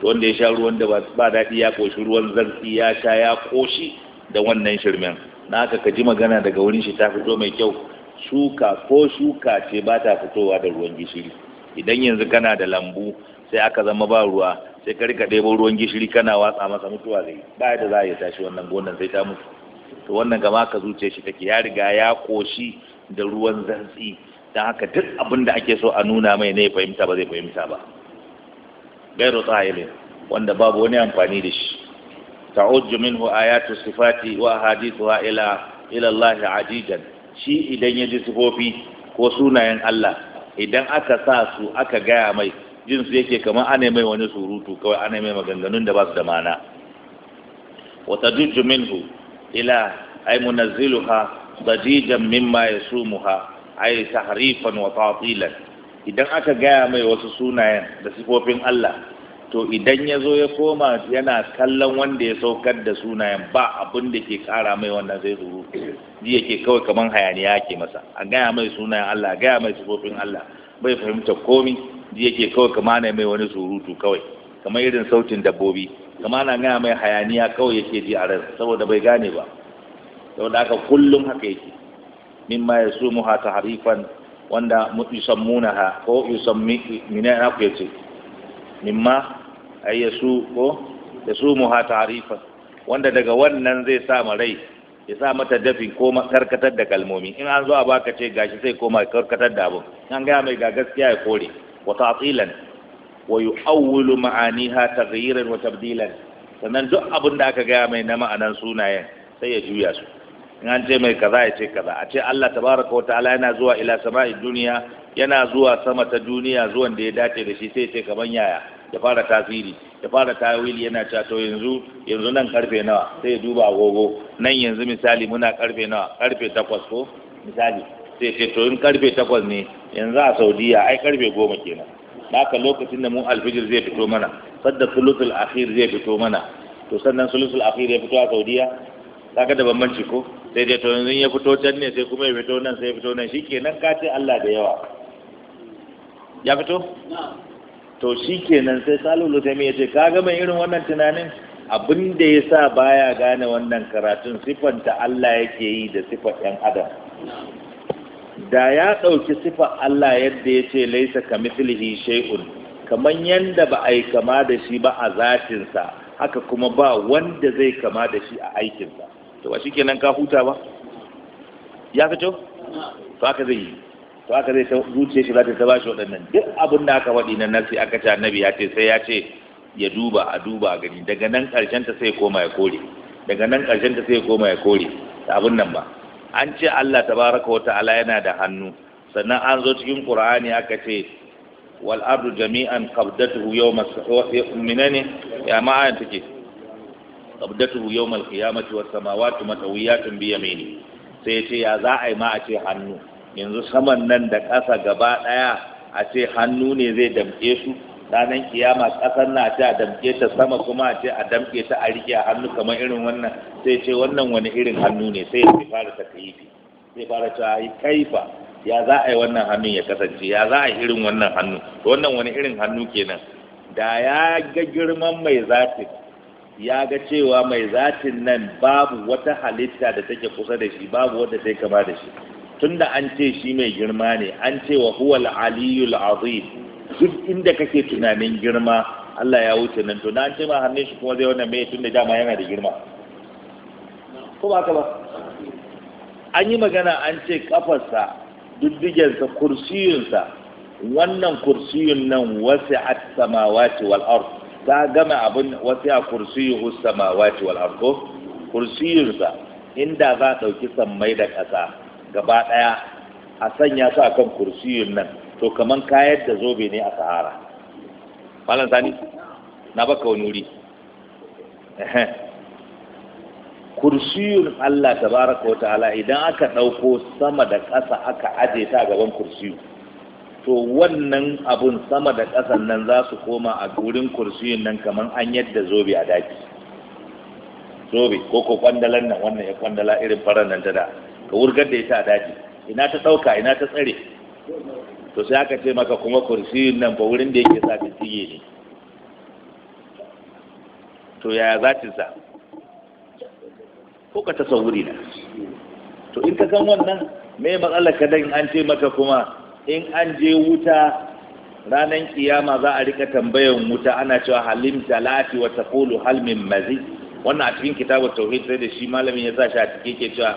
Speaker 1: wanda ya sha ruwan da ba daɗi ya ƙoshi ruwan zartsi ya sha ya ƙoshi da wannan shirmen na haka ka ji magana daga wurin shi ta fito mai kyau shuka ko shuka ce ba ta fitowa da ruwan gishiri idan yanzu kana da lambu sai aka zama ba ruwa sai ka rika ɗebo ruwan gishiri kana watsa masa mutuwa zai ba da za a yi tashi wannan gonan sai ta mutu to wannan gama ka zuce shi take ya riga ya koshi da ruwan zantsi don haka duk abin da ake so a nuna mai ne fahimta ba zai fahimta ba gairu tsahilin wanda babu wani amfani da shi ta'ujju minhu ayatu sifati wa hadithuha ila ila Allah ajijan shi idan ya ji sifofi ko sunayen Allah idan aka sa su aka gaya mai jin su yake kamar ana mai wani surutu kawai ana mai maganganun da ba su da mana wa tadujju minhu ila ay munazziluha dajijan mimma yasumuha ay tahrifan wa tatilan idan aka gaya mai wasu sunayen da sifofin Allah to idan ya zo ya koma yana kallon wanda ya saukar da sunayen ba abin da ke kara mai wannan zai zuru ji yake kawai kamar hayaniya ke masa a gaya mai sunayen Allah a gaya mai sifofin Allah bai fahimta komi ji yake kawai kamar mai wani surutu kawai kamar irin sautin dabbobi kamar na gaya mai hayaniya kawai yake ji a rai saboda bai gane ba saboda haka kullum haka yake ma ya su muha ta harifan wanda yusammuna ha ko yusammi mina ya ku yace mimma ay yasu ko yasu muha ta harifan wanda daga wannan zai sa ma rai ya sa mata dafi ko karkatar da kalmomi in an zo a baka ce gashi sai koma karkatar da abu an gaya mai ga gaskiya ya kore wa ta'tilan wa yu'awwilu ma'aniha taghyiran wata tabdilan sannan duk abin da aka gaya mai na ma'anan sunayen sai ya juya su in an ce mai kaza ya ce kaza a ce Allah tabaraka wa ta'ala yana zuwa ila sama'i duniya yana zuwa sama ta duniya zuwan da ya dace da shi sai ya ce kaman yaya ya fara tasiri ya fara tawili yana cewa to yanzu yanzu nan karfe nawa sai ya duba agogo nan yanzu misali muna karfe nawa karfe takwas ko misali sai ce to in karfe takwas ne yanzu a Saudiya ai karfe goma kenan haka lokacin da mu alfijir zai fito mana sadda sulusul akhir zai fito mana to sannan sulusul akhir ya fito a saudiya kaga da bambanci ko sai dai to yanzu ya fito can ne sai kuma ya fito nan sai ya fito nan shikenan ka ce Allah da yawa ya fito to shikenan sai salulu ta me yace kaga mai irin wannan tunanin abin da ya sa baya gane wannan karatun siffanta Allah yake yi da siffar ɗan adam da ya ɗauki sifa Allah yadda ya ce laisa ka mislihi shay'un kaman yanda ba a yi kama da shi ba a zatinsa haka kuma ba wanda zai kama da shi a aikinsa to ba shikenan ka huta ba ya fito to haka zai yi to haka zai zuciya shi za ta ba shi waɗannan duk abin da aka waɗi na nasi aka ce annabi ya ce sai ya ce ya duba a duba a gani daga nan ƙarshen ta sai koma ya kore daga nan ƙarshen ta sai koma ya kore da abin nan ba an ce Allah tabaraka wa ta'ala yana da hannu sannan an zo cikin Qur'ani aka ce wal ardu jami'an qabdatuhu yawma minani ya ma'ana take qabdatuhu yawma al qiyamati was samawati matawiyatun bi yamini sai ce ya za a yi ma a ce hannu yanzu saman nan da ƙasa gaba ɗaya a ce hannu ne zai damƙe su ranar kiyama ƙasar na ce a damke ta sama kuma ce a damke ta a rike a hannu kamar irin wannan sai ce wannan wani irin hannu ne sai ya fara ta kaifi sai fara ta yi kaifa ya za a yi wannan hannun ya kasance ya za a yi irin wannan hannu wannan wani irin hannu kenan da ya ga girman mai zatin ya ga cewa mai zatin nan babu wata halitta da take kusa da shi babu wadda ta kama da shi tunda an ce shi mai girma ne an ce wa huwal aliyul azim duk inda kake tunanin girma Allah ya wuce nan to na ce ma hannun shi kuma zai wannan mai tunda dama yana da girma ko ba ka ba an yi magana an ce kafarsa diddigensa kursiyinsa wannan kursiyin nan wasi a samawati wal ard ta gama abin wasi a kursiyu samawati wal ard ko kursiyinsa inda za a ɗauki sammai da ƙasa gaba ɗaya a sanya su akan kursiyin nan to kaman kayar da zobe ne a sahara malam sani na baka wani wuri kursiyun Allah ta baraka wa ta'ala idan aka ɗauko sama da ƙasa aka aje ta gaban kursiyu to wannan abun sama da ƙasan nan za su koma a gurin kursiyun nan kamar an yadda zobe a daki zobe ko ko kwandalan nan wannan ya kwandala irin fara nan ta da ka wurgar da ita a daki ina ta ɗauka ina ta tsare to sai aka ce maka kuma kursi nan ba wurin da yake sa ka tsiye ne to yaya za ta sa ko ka ta sauri na to in ka san wannan me matsalar ka dan an ce maka kuma in an je wuta ranan kiyama za a rika tambayan wuta ana cewa halim talati wa taqulu hal min mazid wannan a cikin kitabu tauhid sai da shi malamin ya sa shi a cikin ke cewa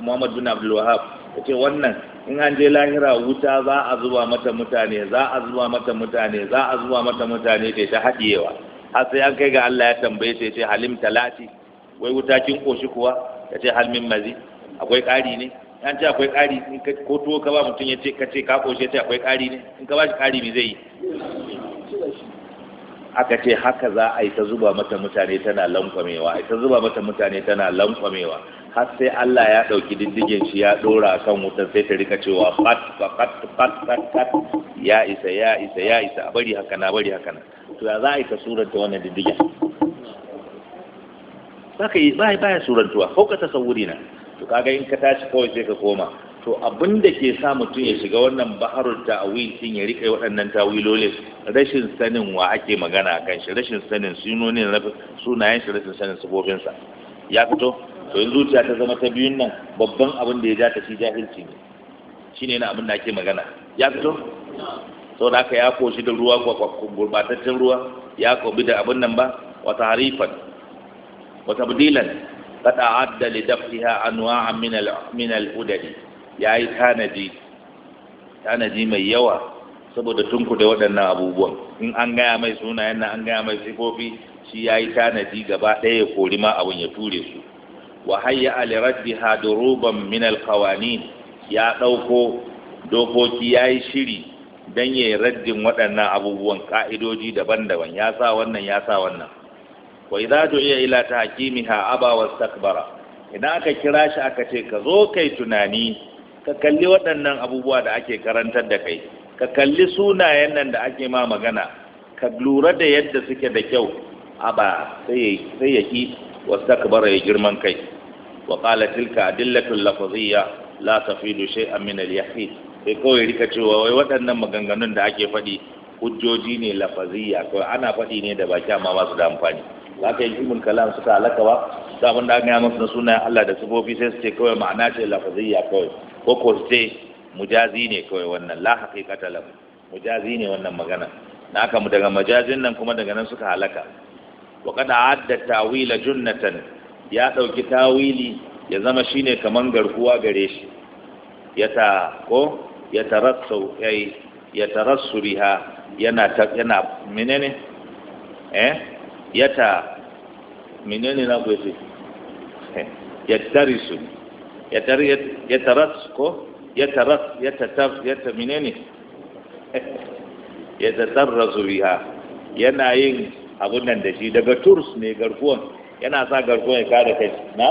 Speaker 1: Muhammad bin Abdul Wahhab ka ce wannan in an je lahira wuta za a zuba mata mutane za a zuba mata mutane za a zuba mata mutane da ta haɗiyewa har sai an kai ga Allah ya tambaye ta ce halim talati wai wuta kin koshi kuwa ka ce halmin mazi akwai ƙari ne an ce akwai ƙari in ko tuwo ka ba mutum ya ce ka ce ka koshi ya ce akwai ƙari ne in ka ba shi ƙari me zai yi aka ce haka za a yi ta zuba mata mutane tana lankwamewa a yi ta zuba mata mutane tana lankwamewa har sai Allah ya ɗauki diddigin shi ya ɗora kan wutar sai ta rika cewa fat fat fat fat fat ya isa ya isa ya isa a bari haka na bari haka na to ya za a yi ka suranta wannan diddigin saka yi bai baya surantuwa ko ka tasawuri na to kaga in ka tashi kawai sai ka koma to abin da ke sa mutum ya shiga wannan baharul ta'wil din ya rike waɗannan tawilolin rashin sanin wa ake magana kan shi rashin sanin sunonin sunayen shi rashin sanin sabobinsa ya fito to in zuciya ta zama ta biyun nan babban abin da ya ja ta shi jahilci ne ne na abin da ake magana ya fito sau da aka ya koshi da ruwa gurbataccen ruwa ya kobi da abin nan ba wata harifan wata budilan Kada ta'adda li dafiha anwa'a min al min al udadi yayi tanaji tanaji mai yawa saboda tunku da waɗannan abubuwan in an gaya mai sunayen nan an gaya mai sifofi shi yayi tanaji gaba ɗaya ya kori ma abin ya ture su wa hayya aliraddiha duruban min alqawanin ya ɗauko dokoki yayi shiri dan yayi raddin waɗannan abubuwan ka'idoji daban-daban ya sa wannan ya sa wannan wa idza du'iya ila tahkimiha aba wastakbara idan aka kira shi aka ce ka zo kai tunani ka kalli waɗannan abubuwa da ake karantar da kai ka kalli sunayen nan da ake ma magana ka lura da yadda suke da kyau aba sai ya ki wastakbara ya girman kai wa qala tilka adillatul lafziyya la tafidu shay'an min al sai kawai rika cewa wai waɗannan maganganun da ake faɗi hujjoji ne lafaziyya kawai ana faɗi ne da baki amma ba su da amfani ba ka yi ilmin kalam suka halaka ba Sabon abin masu na sunayen Allah da sifofi sai su ce kawai ma'ana ce lafaziyya kawai ko ko su ce mujazi ne kawai wannan la haqiqata lahu mujazi ne wannan magana na aka daga majazin nan kuma daga nan suka halaka wa kada adda tawila junnatan ya dauki tawili ya zama shine kaman garkuwa gare shi yata ko yatarassu ay biha yana yana menene eh yata menene na ku yace yatarisu yatar yatarass ko yatarass yatatar yata menene yatatarrazu biha yana yin abun nan da shi daga turs ne garkuwan yana sa garkuwan ya kada kai na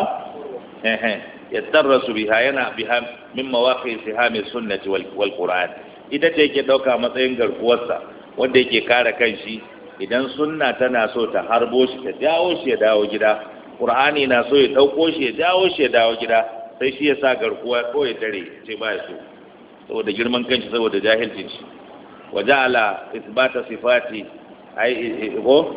Speaker 1: ehe tarasu biha yana biha min mawaqi sihami sunnati wal qur'an ita ce yake dauka matsayin garkuwarsa wanda yake kare shi idan sunna tana so ta harbo shi ta jawo shi ya dawo gida qur'ani na so ya dauko shi ya jawo shi ya dawo gida sai shi ya sa garkuwa ko ya tare ce ba ya saboda girman kanshi saboda jahilcin shi wa isbata sifati ai ko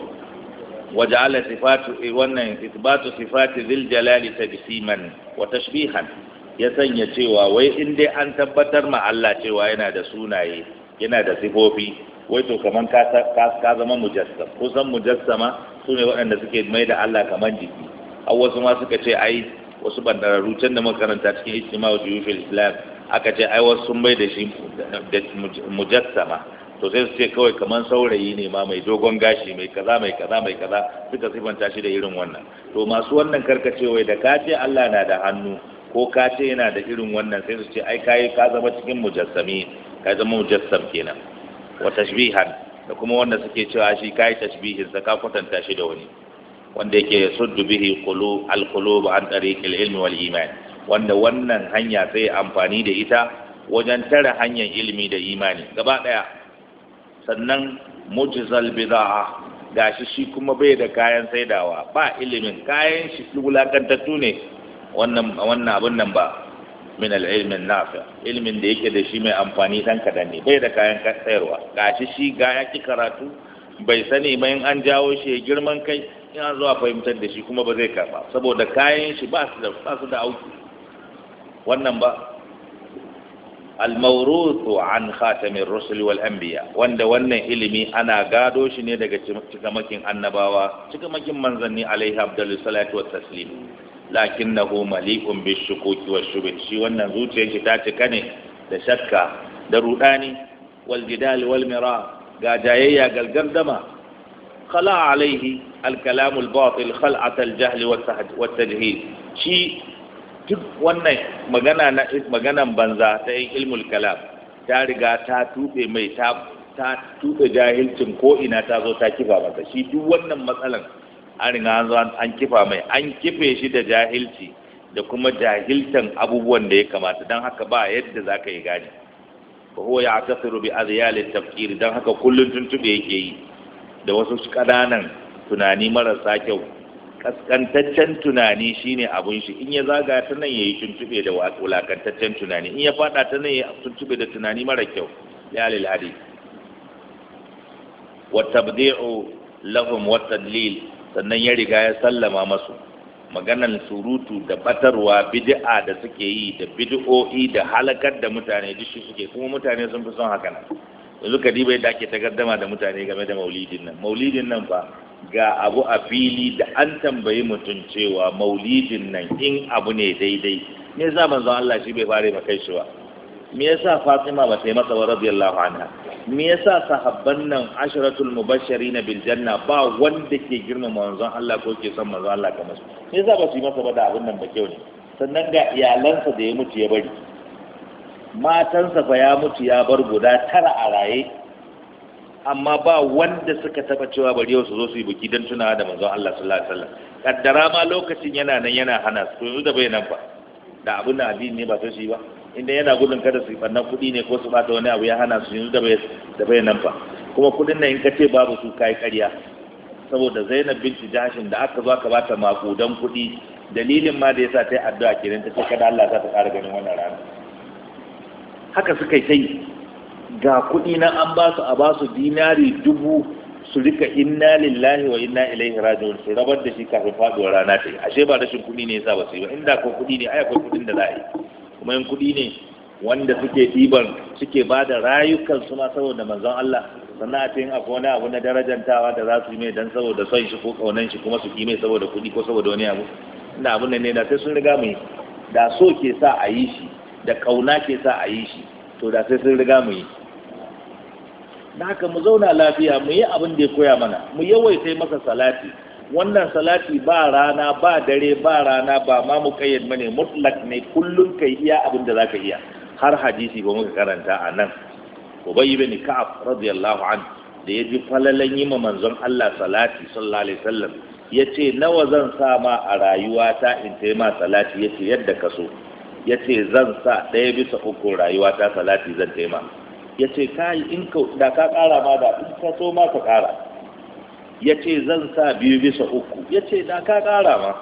Speaker 1: waja'ala sifatu wannan isbatu sifati dhil jalali tabsiman wa tashbihan ya sanya cewa wai in dai an tabbatar ma Allah cewa yana da sunaye yana da sifofi wai to kaman ka ka zama mujassam kusan mujassama sune waɗanda suke mai da Allah kaman jiki a wasu ma suka ce ai wasu bandararru can da makaranta cikin ijtima'u juyushul islam aka ce ai wasu sun mai da shi mujassama to sai su ce kawai kamar saurayi ne ma mai dogon gashi mai kaza mai kaza mai kaza suka sifanta shi da irin wannan to masu wannan karkacewai da ka ce Allah na da hannu ko ka ce yana da irin wannan sai su ce ai kai ka zama cikin mujassami ka zama mujassam kenan wa tashbihan da kuma wanda suke cewa shi kai tashbihin sa ka kwatanta shi da wani wanda yake suddu bihi qulu al-qulub an tariqil ilmi wal iman wanda wannan hanya sai amfani da ita wajen tare hanyar ilimi da imani gaba daya sannan mujizal bida'a gashi shi kuma bai da kayan saidawa ba ilimin kayan shi wulakantattu ne wannan wannan abin nan ba min al nafi ilimin da yake da shi mai amfani dan kadan ne bai da kayan sayarwa gashi shi ga ya ki karatu bai sani ba in an jawo shi ya girman kai ina zuwa fahimtar da shi kuma ba zai karba saboda kayan shi ba su da auki wannan ba al an khatamin rusul wal anbiya wanda wannan ilimi ana gado shi ne daga cikamakin annabawa cikamakin manzanni alaihi abdul salatu wa taslim lakinnahu malikun bishukuki wa shubin shi wannan zuciyar shi ta cika ne da shakka da rudani wal jidal wal mira ga jayayya galgardama kalamul عليه الكلام الباطل خلعة الجهل والتجهيل Shi. duk wannan magana na maganan banza ta yin ilmul kalam ta riga ta tuɓe mai ta ta tuɓe jahilcin ko ina ta zo ta kifa masa shi duk wannan matsalan an riga an kifa mai an kife shi da jahilci da kuma jahiltan abubuwan da ya kamata don haka ba yadda za ka yi gani ba ho ya ta bi aziyalin tafkiri don haka kullum tuntuɓe yake yi da wasu ƙananan tunani marasa kyau kaskantaccen tunani shine abun shi in ya zaga ta nan yayi tuntube da wulakantaccen tunani in ya fada ta nan ya tuntube da tunani mara kyau ya lil hadith wa tabdi'u lahum wa tadlil sannan ya riga ya sallama masu maganan surutu da batarwa bid'a da suke yi da bid'o'i da halakar da mutane duk shi suke kuma mutane sun fi son haka nan yanzu Kadiba ya yadda ake tagaddama da mutane game da maulidin nan maulidin nan fa ga abu a fili da an tambayi mutum cewa maulidin nan in abu ne daidai me yasa manzon Allah shi bai fare maka shi ba me yasa Fatima ba sai masa radiyallahu anha me yasa sahabban nan asharatul mubashirin bil janna ba wanda ke girmama manzon Allah ko ke son manzon Allah kamar su me yasa ba su yi masa ba da abin nan ba kyau ne sannan ga iyalansa da ya mutu ya bari matansa fa ya mutu ya bar guda tara a raye amma ba wanda suka taba cewa bari yau su zo su yi biki don tunawa da manzon Allah sallallahu alaihi wasallam kaddara ma lokacin yana nan yana hana su yanzu da bai nan ba da abun da addini ne ba su shi ba inda yana gudun kada su yi bannan kuɗi ne ko su bata wani abu ya hana su yanzu da bai da bai nan ba kuma kuɗin nan in ka ce babu su kai ƙarya saboda Zainab binti Jahshin da aka zo aka bata makudan kuɗi dalilin ma da yasa ta yi addu'a kenan ta ce kada Allah za ta ƙara ganin wannan rana haka suka yi ta yi ga kuɗi na an ba su a ba su dinari dubu su rika inna lillahi wa inna ilaihi raji'un su rabar da shi kafin faduwar rana ta yi ashe ba rashin kuɗi ne yasa ba su yi ba inda ko kuɗi ne ai akwai kuɗin da za a yi kuma in kuɗi ne wanda suke ɗiban suke ba da rayukan su ma saboda manzon Allah sannan a ce a akwai wani abu na darajantawa da za su yi mai dan saboda son shi ko kaunan shi kuma su yi mai saboda kuɗi ko saboda wani abu ina abun nan ne da sai sun riga mu yi da so ke sa a yi shi da kauna ke sa a yi shi to da sai sun riga mu yi Na haka mu zauna lafiya mu yi abin da ya koya mana mu yawaita masa salati wannan salati ba rana ba dare ba rana ba ma mu kayyad mane mutlak ne kullum kai iya abin da za ka iya har hadisi ba muka karanta a nan bai ibn ka'ab radiyallahu an da yaji falalan yi ma manzon Allah salati sallallahu alaihi wasallam yace nawa zan sa ma a rayuwata in taima ma salati yace yadda ka so yace zan sa ɗaya bisa uku rayuwata salati zan taima. ma ya ce kayi in ka da ka kara ma da in ka so ma ka kara, ya ce zan sa biyu bisa uku ya ce da ka kara ma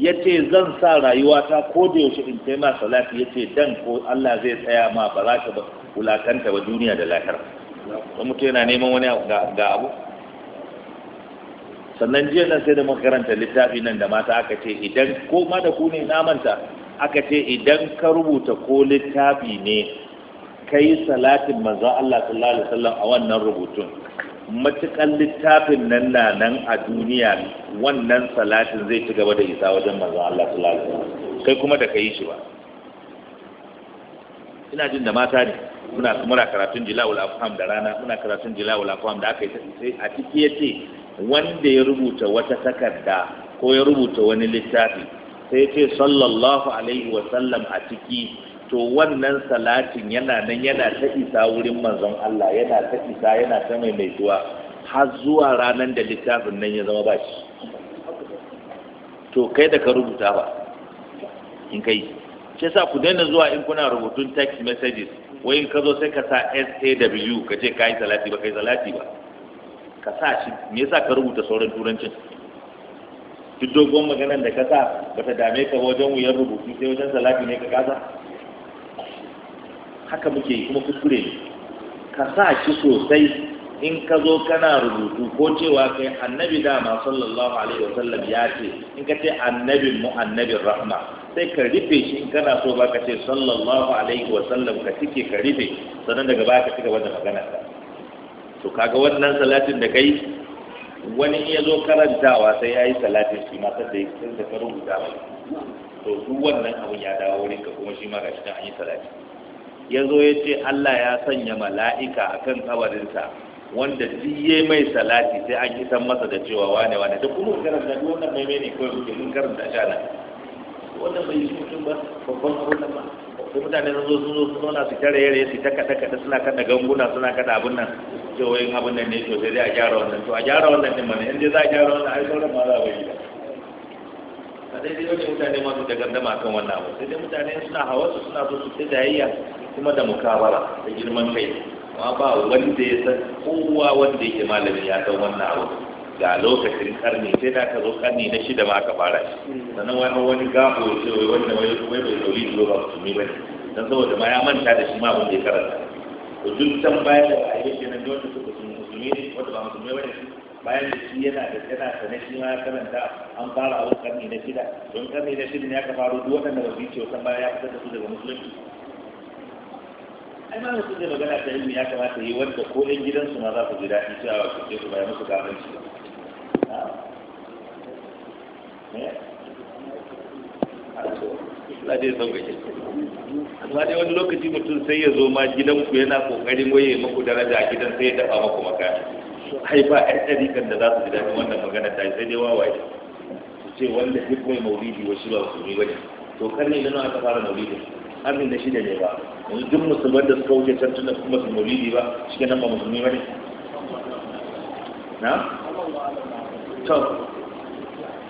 Speaker 1: ya ce zan sa rayuwata ko da yaushe in kai ma salati ya ce dan ko Allah zai tsaya ma ba za ka wulakanta ba duniya da lahira don mutum yana neman wani ga abu sannan jiya nan sai da muka karanta littafi nan da mata aka ce idan ko ma da ku ne na manta aka ce idan ka rubuta ko littafi ne kai salatin manzo Allah sallallahu alaihi wasallam a wannan rubutun matukan littafin nan na nan a duniya wannan salatin zai ci gaba da isa wajen manzo Allah sallallahu alaihi wasallam kai kuma da kai shi ba ina jin da mata ne muna muna karatun jilawul afham da rana muna karatun jilawul afham da aka yi sai a ciki yace wanda ya rubuta wata takarda ko ya rubuta wani littafi sai ya ce sallallahu alaihi wasallam a ciki to wannan salatin yana nan yana ta isa wurin manzon Allah yana ta isa yana ta maimaituwa har zuwa ranar da littafin nan ya zama ba shi to kai da ka rubuta ba in kai shi yasa ku daina zuwa in kuna rubutun text messages wai in ka zo sai ka sa SAW ka ce ka yi salati ba ka yi salati ba ka sa shi me yasa ka rubuta sauran turancin duk dogon maganar da ka sa ba ta dame ka wajen wuyan rubutu sai wajen salati ne ka kasa haka muke yi kuma kuskure ne ka sa shi sosai in ka zo kana rubutu ko cewa kai annabi dama sallallahu alaihi wasallam ya ce in ka ce annabin mu annabin rahma sai ka rufe shi in kana so ba ka ce sallallahu alaihi wasallam ka cike ka rufe sannan daga baya ka cika wannan maganar ka to kaga wannan salatin da kai wani ya zo karantawa sai ya yi salatin shi ma sai da ya ka rubuta to duk wannan abun ya dawo wurin ka kuma shi ma ga shi an yi salatin ya zo ya ce Allah ya sanya mala'ika a kan kabarinsa wanda diye mai salati sai an kisan masa da cewa wane wane da kuma karanta duk wannan mai ne kawai muke mun karanta shi nan wannan bai shi mutum ba babban wannan ba ko mutane sun zo sun zo sun zauna su kare yare su taka taka da suna kada ganguna suna kada abin nan ce wayan abin nan ne to sai dai a gyara wannan to a gyara wannan din mana inda za a gyara wannan ai sauran ma za a bari da a daidai wajen mutane masu da gandama kan wannan abu sai dai mutane suna hawa su suna so su ta jayayya kuma da mukabara da girman kai amma ba wanda ya san kowa wanda yake malami ya san wannan abu ga lokacin karni sai da ka zo karni na shida ma ka fara shi sannan wani wani gabo ya ce wai wannan wai wai bai dauli zuwa ba su ba ne dan saboda ma ya manta da shi ma abin da ya karanta to duk san bayan da a yake nan dole su musulmi ne wanda ba musulmi ba ne bayan da shi yana da yana sanar shi ma ya karanta an fara abin karni na shida don karni na shida ne ka faro duk waɗanda ba su yi ce wasan baya ya fitar da su daga musulunci ai ma su da magana ta ilimi ya kamata yi wanda ko ɗan gidansu ma za su ji daɗi cewa wasu ce su bayan musu gabanci Allah zai amma dai wani lokaci mutum sai ya zo ma gidanku yana ƙoƙarin waye maku daraja gidan sai ya dafa maku makani ai ba ɗan ɗarikan da za su ji daɗin wannan magana ta sai dai wawaye su ce wanda duk mai maulidi wasu ba su ne wani to kar ne nuna aka fara maulidin abin da shi da ne ba yanzu duk musulman da suka wuce can tunda kuma su mulidi ba shi ke nan ba musulmi ba ne na? to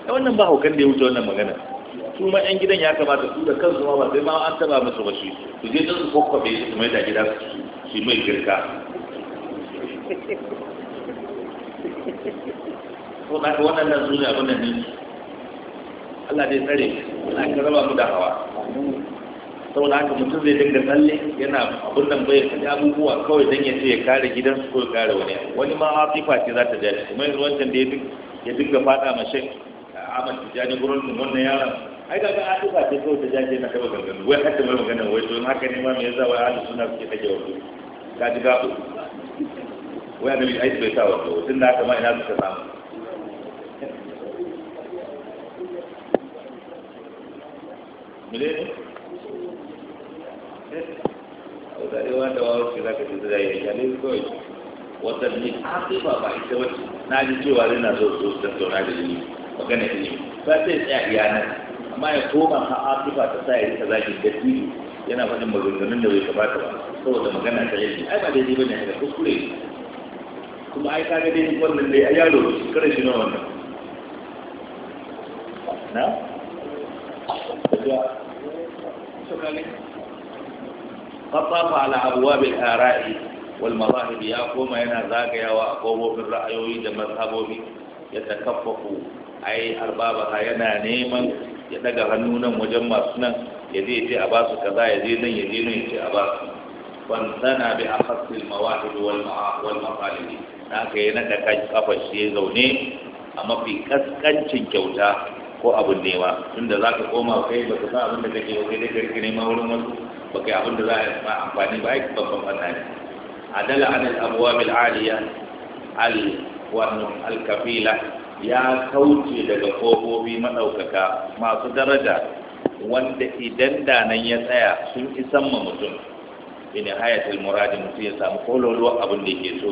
Speaker 1: ta wannan ba haukan da ya wuce wannan magana su ma yan gidan ya kamata su da kansu ma ba sai ma an taba musu ba shi su je don su kwakwabe su mai da gida su mai girka ko da wannan nan su ne abin da ne Allah dai tsare Allah ka raba mu da hawa saboda haka mutum zai dinga tsalle yana abin nan bai faɗi abubuwa kawai don ya ce ya kare gidan su ko ya kare wani wani ma hafifa ce za ta ja kuma yanzu wancan da ya dinga faɗa ma shan ta Tijjani gurin wannan yaron ai ga hafifa ce kawai ta ja na taɓa gangan wai hatta mai magana wai to haka ne ma me yasa wai ahli suna suke take wa ka ji gabo wai a annabi ai bai sa wa kawai tun da haka ma ina suka samu
Speaker 2: Mene ne? a zarewa da
Speaker 1: wawo ce za ka ce zai yi yanayi kawai watanni ba ba ita wace na ji cewa zai na zo zo tattauna da jini magana ilimi ba sai tsaya iya nan amma ya koma ha asifa ta sa ya rika zagin dattijo yana faɗin maganganun da bai kamata ba saboda magana ta ilimi ai ba daidai bane haka kuskure kuma ai kaga dai wannan dai ai yaro kare shi na wannan
Speaker 2: na? Suka ne?
Speaker 1: fasafa ala abwabil ara'i wal mazahib ya koma yana zagayawa a kofofin ra'ayoyi da mazhabobi ya takaffafu ai arbaba yana neman ya daga hannu nan wajen masu nan ya je ce a basu kaza ya je nan ya je nan ya a basu fantana shi ya zaune a mafi kaskancin kyauta ko abun nema tunda zaka koma kai baka san abin da kake yi kai da kake nema wurin wasu bagi abin da za a yi amfani ba aiki babban wannan ne adala an al-abwab al-aliya al al-kafila ya kauce daga kofofi madaukaka masu daraja wanda idan da nan ya tsaya sun isan ma mutum ina hayatul muradi mutum ya samu kololuwa abin da yake so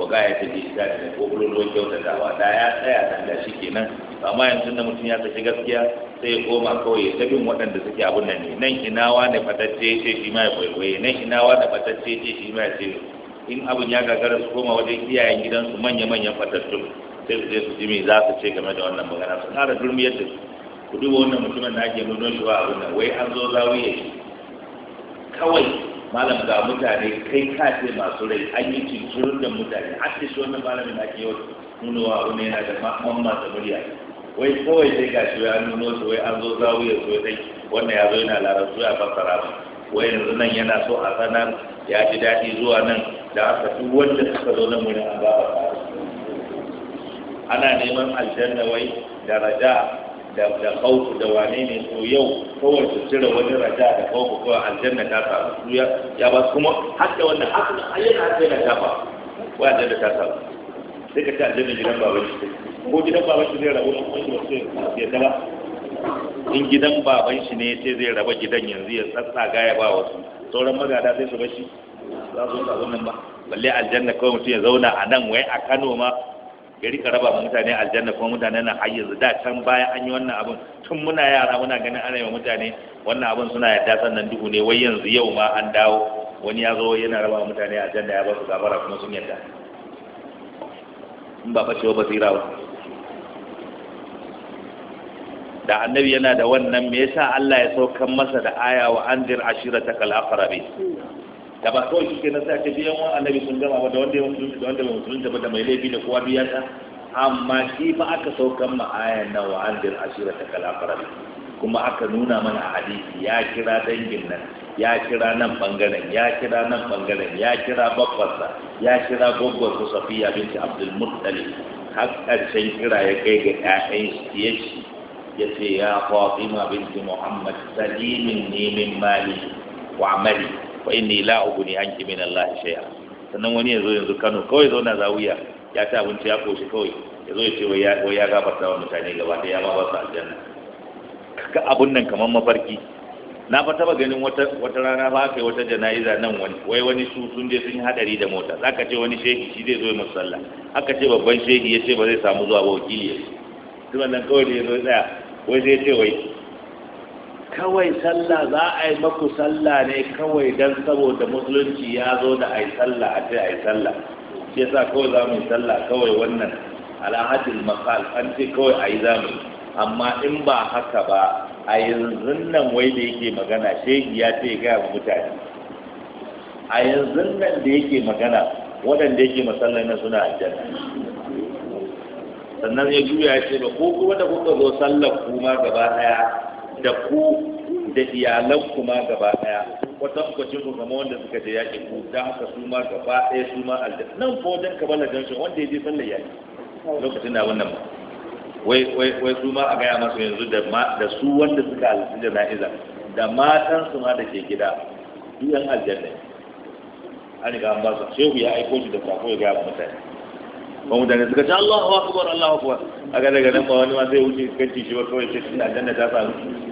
Speaker 1: ko gaya ta fiye da da ko bulon kyautatawa da ya tsaya nan da shi kenan amma yanzu da mutum ya tafi gaskiya sai ya koma kawai ya tafi waɗanda suke abun nan ne nan wa ne fatacce ce shi ma ya kwaikwaye nan wa ne fatacce ce shi ma ya ce in abin ya gagara su koma wajen iyayen gidansu manya-manyan fatattu sai su je su ji me za su ce game da wannan magana su ƙara durmi yadda ku duba wannan mutumin da ake nuno shi ba abin nan wai an zo zawiye shi kawai malam ga mutane kai ka ce masu rai an yi cikin da mutane har da shi wannan malamin da ke yau nunuwa wani yana da mamma da murya wai kawai sai ga shi ya nuno su wai an zo ya zo dai wannan ya zo yana larabci a fassara ba wai yanzu nan yana so a sanar ya ji daɗi zuwa nan da aka fi wanda suka zo nan wani an ba ana neman aljanna wai daraja da da da wane ne to yau kawai su cire wani raja da khawfu ko aljanna ta samu ya ya ba kuma har da wannan har ayyana har yana ta ba ko aljanna ta samu sai ka ci aljanna gidan baban shi ko gidan baban shi zai rabu ko shi wasu ya kala. in gidan baban shi ne sai zai raba gidan yanzu ya tsatsaga ya ba wasu sauran magada sai su bashi za su sa wannan ba balle aljanna kawai mutum ya zauna a nan wai a Kano ma gari ka raba mu mutane aljanna kuma mutane na har da can baya an yi wannan abin tun muna yara muna ganin ana yi mutane wannan abin suna yadda sannan duhu ne wai yanzu yau ma an dawo wani ya zo yana raba mutane aljanna ya ba su gabara kuma sun yadda in ba fashewa basira ba da annabi yana da wannan me yasa Allah ya saukan masa da aya wa anzir ashirata kal aqrabi da ba kawai suke nasa ake biyan wa annabi sun gama ba da wanda ya musulunta da wanda musulunta ba da mai laifi da kowa biya ta amma shi fa aka saukan ma ayan na wa andir ashira ta kalafara kuma aka nuna mana hadisi ya kira dangin nan ya kira nan bangaren ya kira nan bangaren ya kira babbarsa ya kira gwaggwar su safiya binti abdul muttalib har ƙarshen kira ya kai ga ƴaƴan ya ce ya ce ya fatima binti muhammad salimin neman mali wa mali fa inni la ubni anki min Allah shay'a sannan wani yazo yanzu Kano kawai zauna zawiya ya ta abinci ya koshi kawai yazo ya ce wai ya wai ya gafarta wa mutane gaba da ya ba ba su aljanna ka abun nan kamar mafarki na fa taba ganin wata wata rana ba kai wata jana'iza nan wani wai wani su sun je sun yi hadari da mota zaka ce wani shehi shi zai zo ya musalla sallah aka ce babban shehi ya ce ba zai samu zuwa ba wakili ya ce nan kawai da ya zo tsaya wai zai ce wai kawai sallah za a yi maku sallah ne kawai don saboda musulunci ya zo da a yi sallah a ce a yi sallah ce sa kawai za mu yi sallah kawai wannan alhajin makal an ce kawai a yi za mu amma in ba haka ba a yanzu nan wai da yake magana shehi ya ce gaya wa mutane a yanzu nan da yake magana waɗanda yake masallan na suna aljanna sannan ya juya ce ba ko kuma da kuka zo sallar kuma gaba ɗaya da ku da iyalan ku ma gaba daya wata ku ce ku kama wanda suka je yaki ku dan haka su ma gaba daya su ma aljanna nan ko dan bala dan shi wanda yaje sallar yaki lokacin da wannan wai wai wai su ma a gaya masu yanzu da ma da su wanda suka aljanna jana'iza da matan su ma da ke gida duyan aljanna an ga an ba su shehu ya aiko shi da sako ya gaya mutane ba mutane suka ce Allahu akbar Allahu akbar a ga daga nan ba wani ma zai wuce kanci shi ba kawai sai shi aljanna ta samu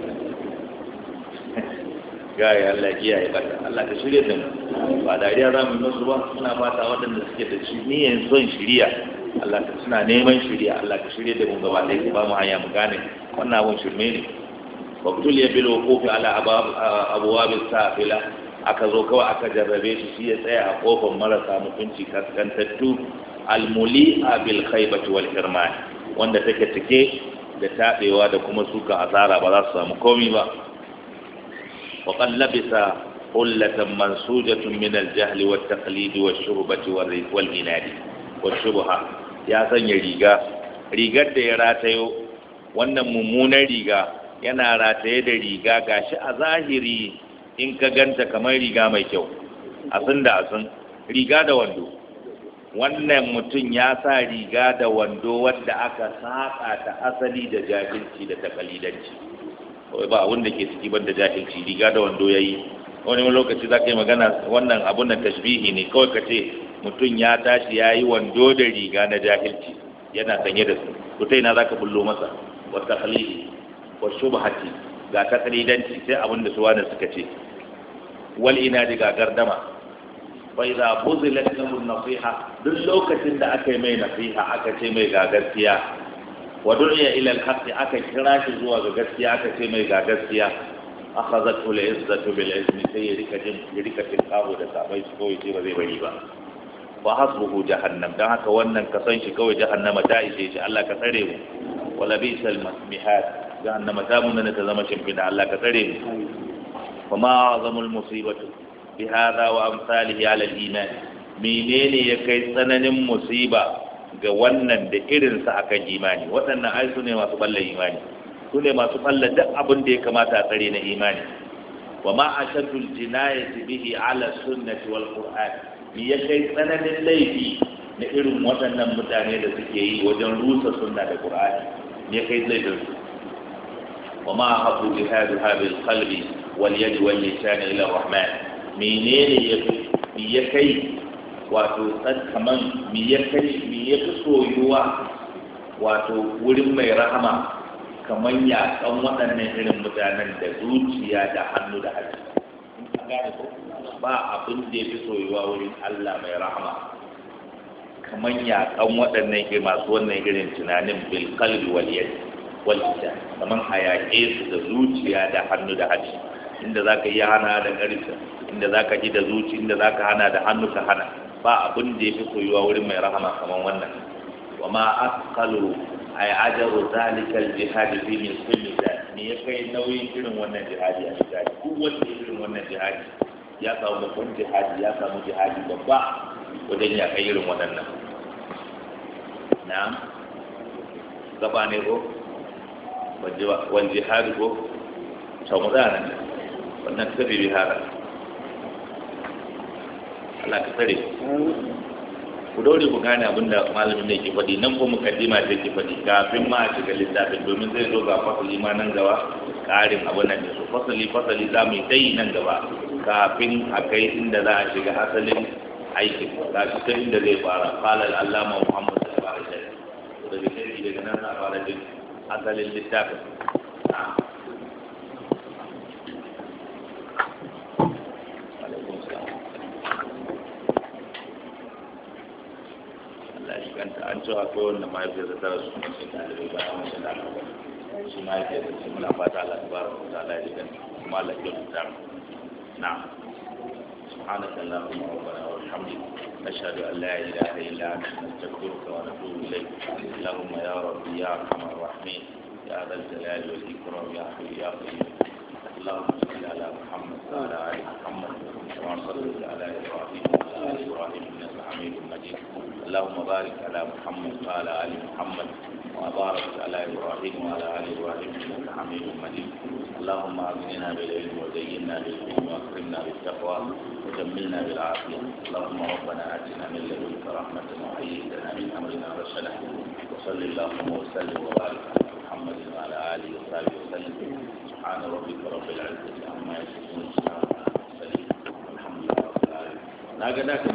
Speaker 1: gaya Allah kiyaye baka Allah ka shirya da ba dariya za mu musu ba muna fata waɗanda suke da shi niyyar son shirya Allah ka suna neman shirya Allah ka shirya da mu gaba da ba mu hanya mu gane wannan abun shirme ne wa ya bil kofi ala abwab safila aka zo kawai aka jarrabe shi shi ya tsaya a kofar marasa mutunci kaskantattu almuli abil khaybati wal hirman wanda take take da taɓewa da kuma suka asara ba za su samu komi ba وقد لبس قلة منسوجة من الجهل والتقليد والشربة والإناد والشبهة يا سن يريغا ريغا دي راتيو وانا ممونا ريغا ينا راتي دي ريغا gashi a zahiri غنت كما ريغا kamar riga mai kyau ريغا da asin riga wannan mutum ya sa riga da wando wadda aka saƙa ta asali da jahilci da takalidanci kawai ba abun da ke ciki ban da jahilci riga da wando ya yi wani lokaci za ka yi magana wannan abun nan tashbihi ne kawai ka ce mutum ya tashi ya yi wando da riga na jahilci yana sanye da su ku ta ina za ka bullo masa wa tahlili wa shubhati ga danci sai abin da su wani suka ce wal ina daga gardama bai za buzilat lahu nasiha duk lokacin da aka yi mai nasiha aka ce mai gagar gaskiya wa dunya ila al-haqq aka kira shi zuwa ga gaskiya aka ce mai ga gaskiya akhazatu al-izzatu bil ismi sai ya rika jin ya rika jin kawo da sabai su kawai ce ba zai bari ba fa hasbuhu jahannam dan haka wannan ka san shi kawai jahannama ta ishe shi Allah ka tsare mu wala bisal masmihat jahannama ta mun ta zama shimfida Allah ka tsare mu fa ma azamul musibatu bi hadha wa amsalihi ala al-iman menene ya kai tsananin musiba ga wannan da irinsa akan imani waɗannan ai su ne masu ɓalla imani su ne masu ɓalla duk abin da ya kamata a tsare na imani wa ma ashaddul jinayati bihi ala sunnati wal qur'an ni ya kai tsananin laifi na irin waɗannan mutane da suke yi wajen rusa sunna da qur'ani ni ya kai laifin su wa ma habu jihadu habil qalbi wal yadi wal lisan ila rahman menene ya kai wato kaman mi ya kai mi ya fi soyuwa wato wurin mai rahama kamar kan waɗannan irin mutanen da zuciya da hannu da hannu ba abin da ya fi soyuwa wurin Allah mai rahama kamar kan waɗannan irin masu wannan irin tunanin bil kalbi wal yadi wal lisan kaman hayake su da zuciya da hannu da hannu inda zaka iya hana da ƙarfi inda zaka ji da zuci inda zaka hana da hannu ka hana ba abin da ya fi koyuwa wurin mai rahama kamar wannan wa ma asqalu ay ajaru zalikal jihad fi misl ne ya kai nauyin irin wannan jihadi a jihadi duk wanda ya irin wannan jihadi ya samu babban jihadi ya samu jihadi babba wajen ya kai irin waɗannan na'am gaba ne ko wal jihadi ko sau mu nan wannan tabi bihara Allah ka tsare ku dole ku gane abin da malamin ne ke faɗi nan ko mukaddima ke yake faɗi kafin ma shiga littafin domin zai zo ga fasali ma nan gaba ƙarin abin nan ne su fasali fasali za mu yi nan gaba kafin a kai inda za a shiga asalin aiki ga shi kai inda zai fara falal allama muhammad da fara shari'a daga shari'a daga nan za a fara jin asalin littafin أنت an cewa akwai wanda mahaifiyar da tara su kuma sun tare da bayan mace da alaƙa su mahaifiyar da su muna fata Allah ta bara ta lafiya da kuma ya na سبحانك اللهم ربنا وبحمدك ان لا اله الا انت نستغفرك ونتوب اليك اللهم يا ربي يا ارحم الراحمين يا ذا الجلال والاكرام يا حي يا قيوم اللهم صل على محمد وعلى ال محمد كما صليت على ابراهيم وعلى ال ابراهيم انك حميد مجيد اللهم بارك على محمد وعلى آل محمد وبارك على إبراهيم وعلى آل إبراهيم إنك حميد مجيد اللهم أغننا بالعلم وزينا بالعلم وأكرمنا بالتقوى وجملنا بالعافية اللهم ربنا آتنا من لدنك رحمة وعيدنا لنا من أمرنا رشدا وصل اللهم وسلم وبارك على محمد وعلى آله وصحبه وسلم سبحان ربك رب العزة عما يصفون السلام على المرسلين
Speaker 2: والحمد لله رب العالمين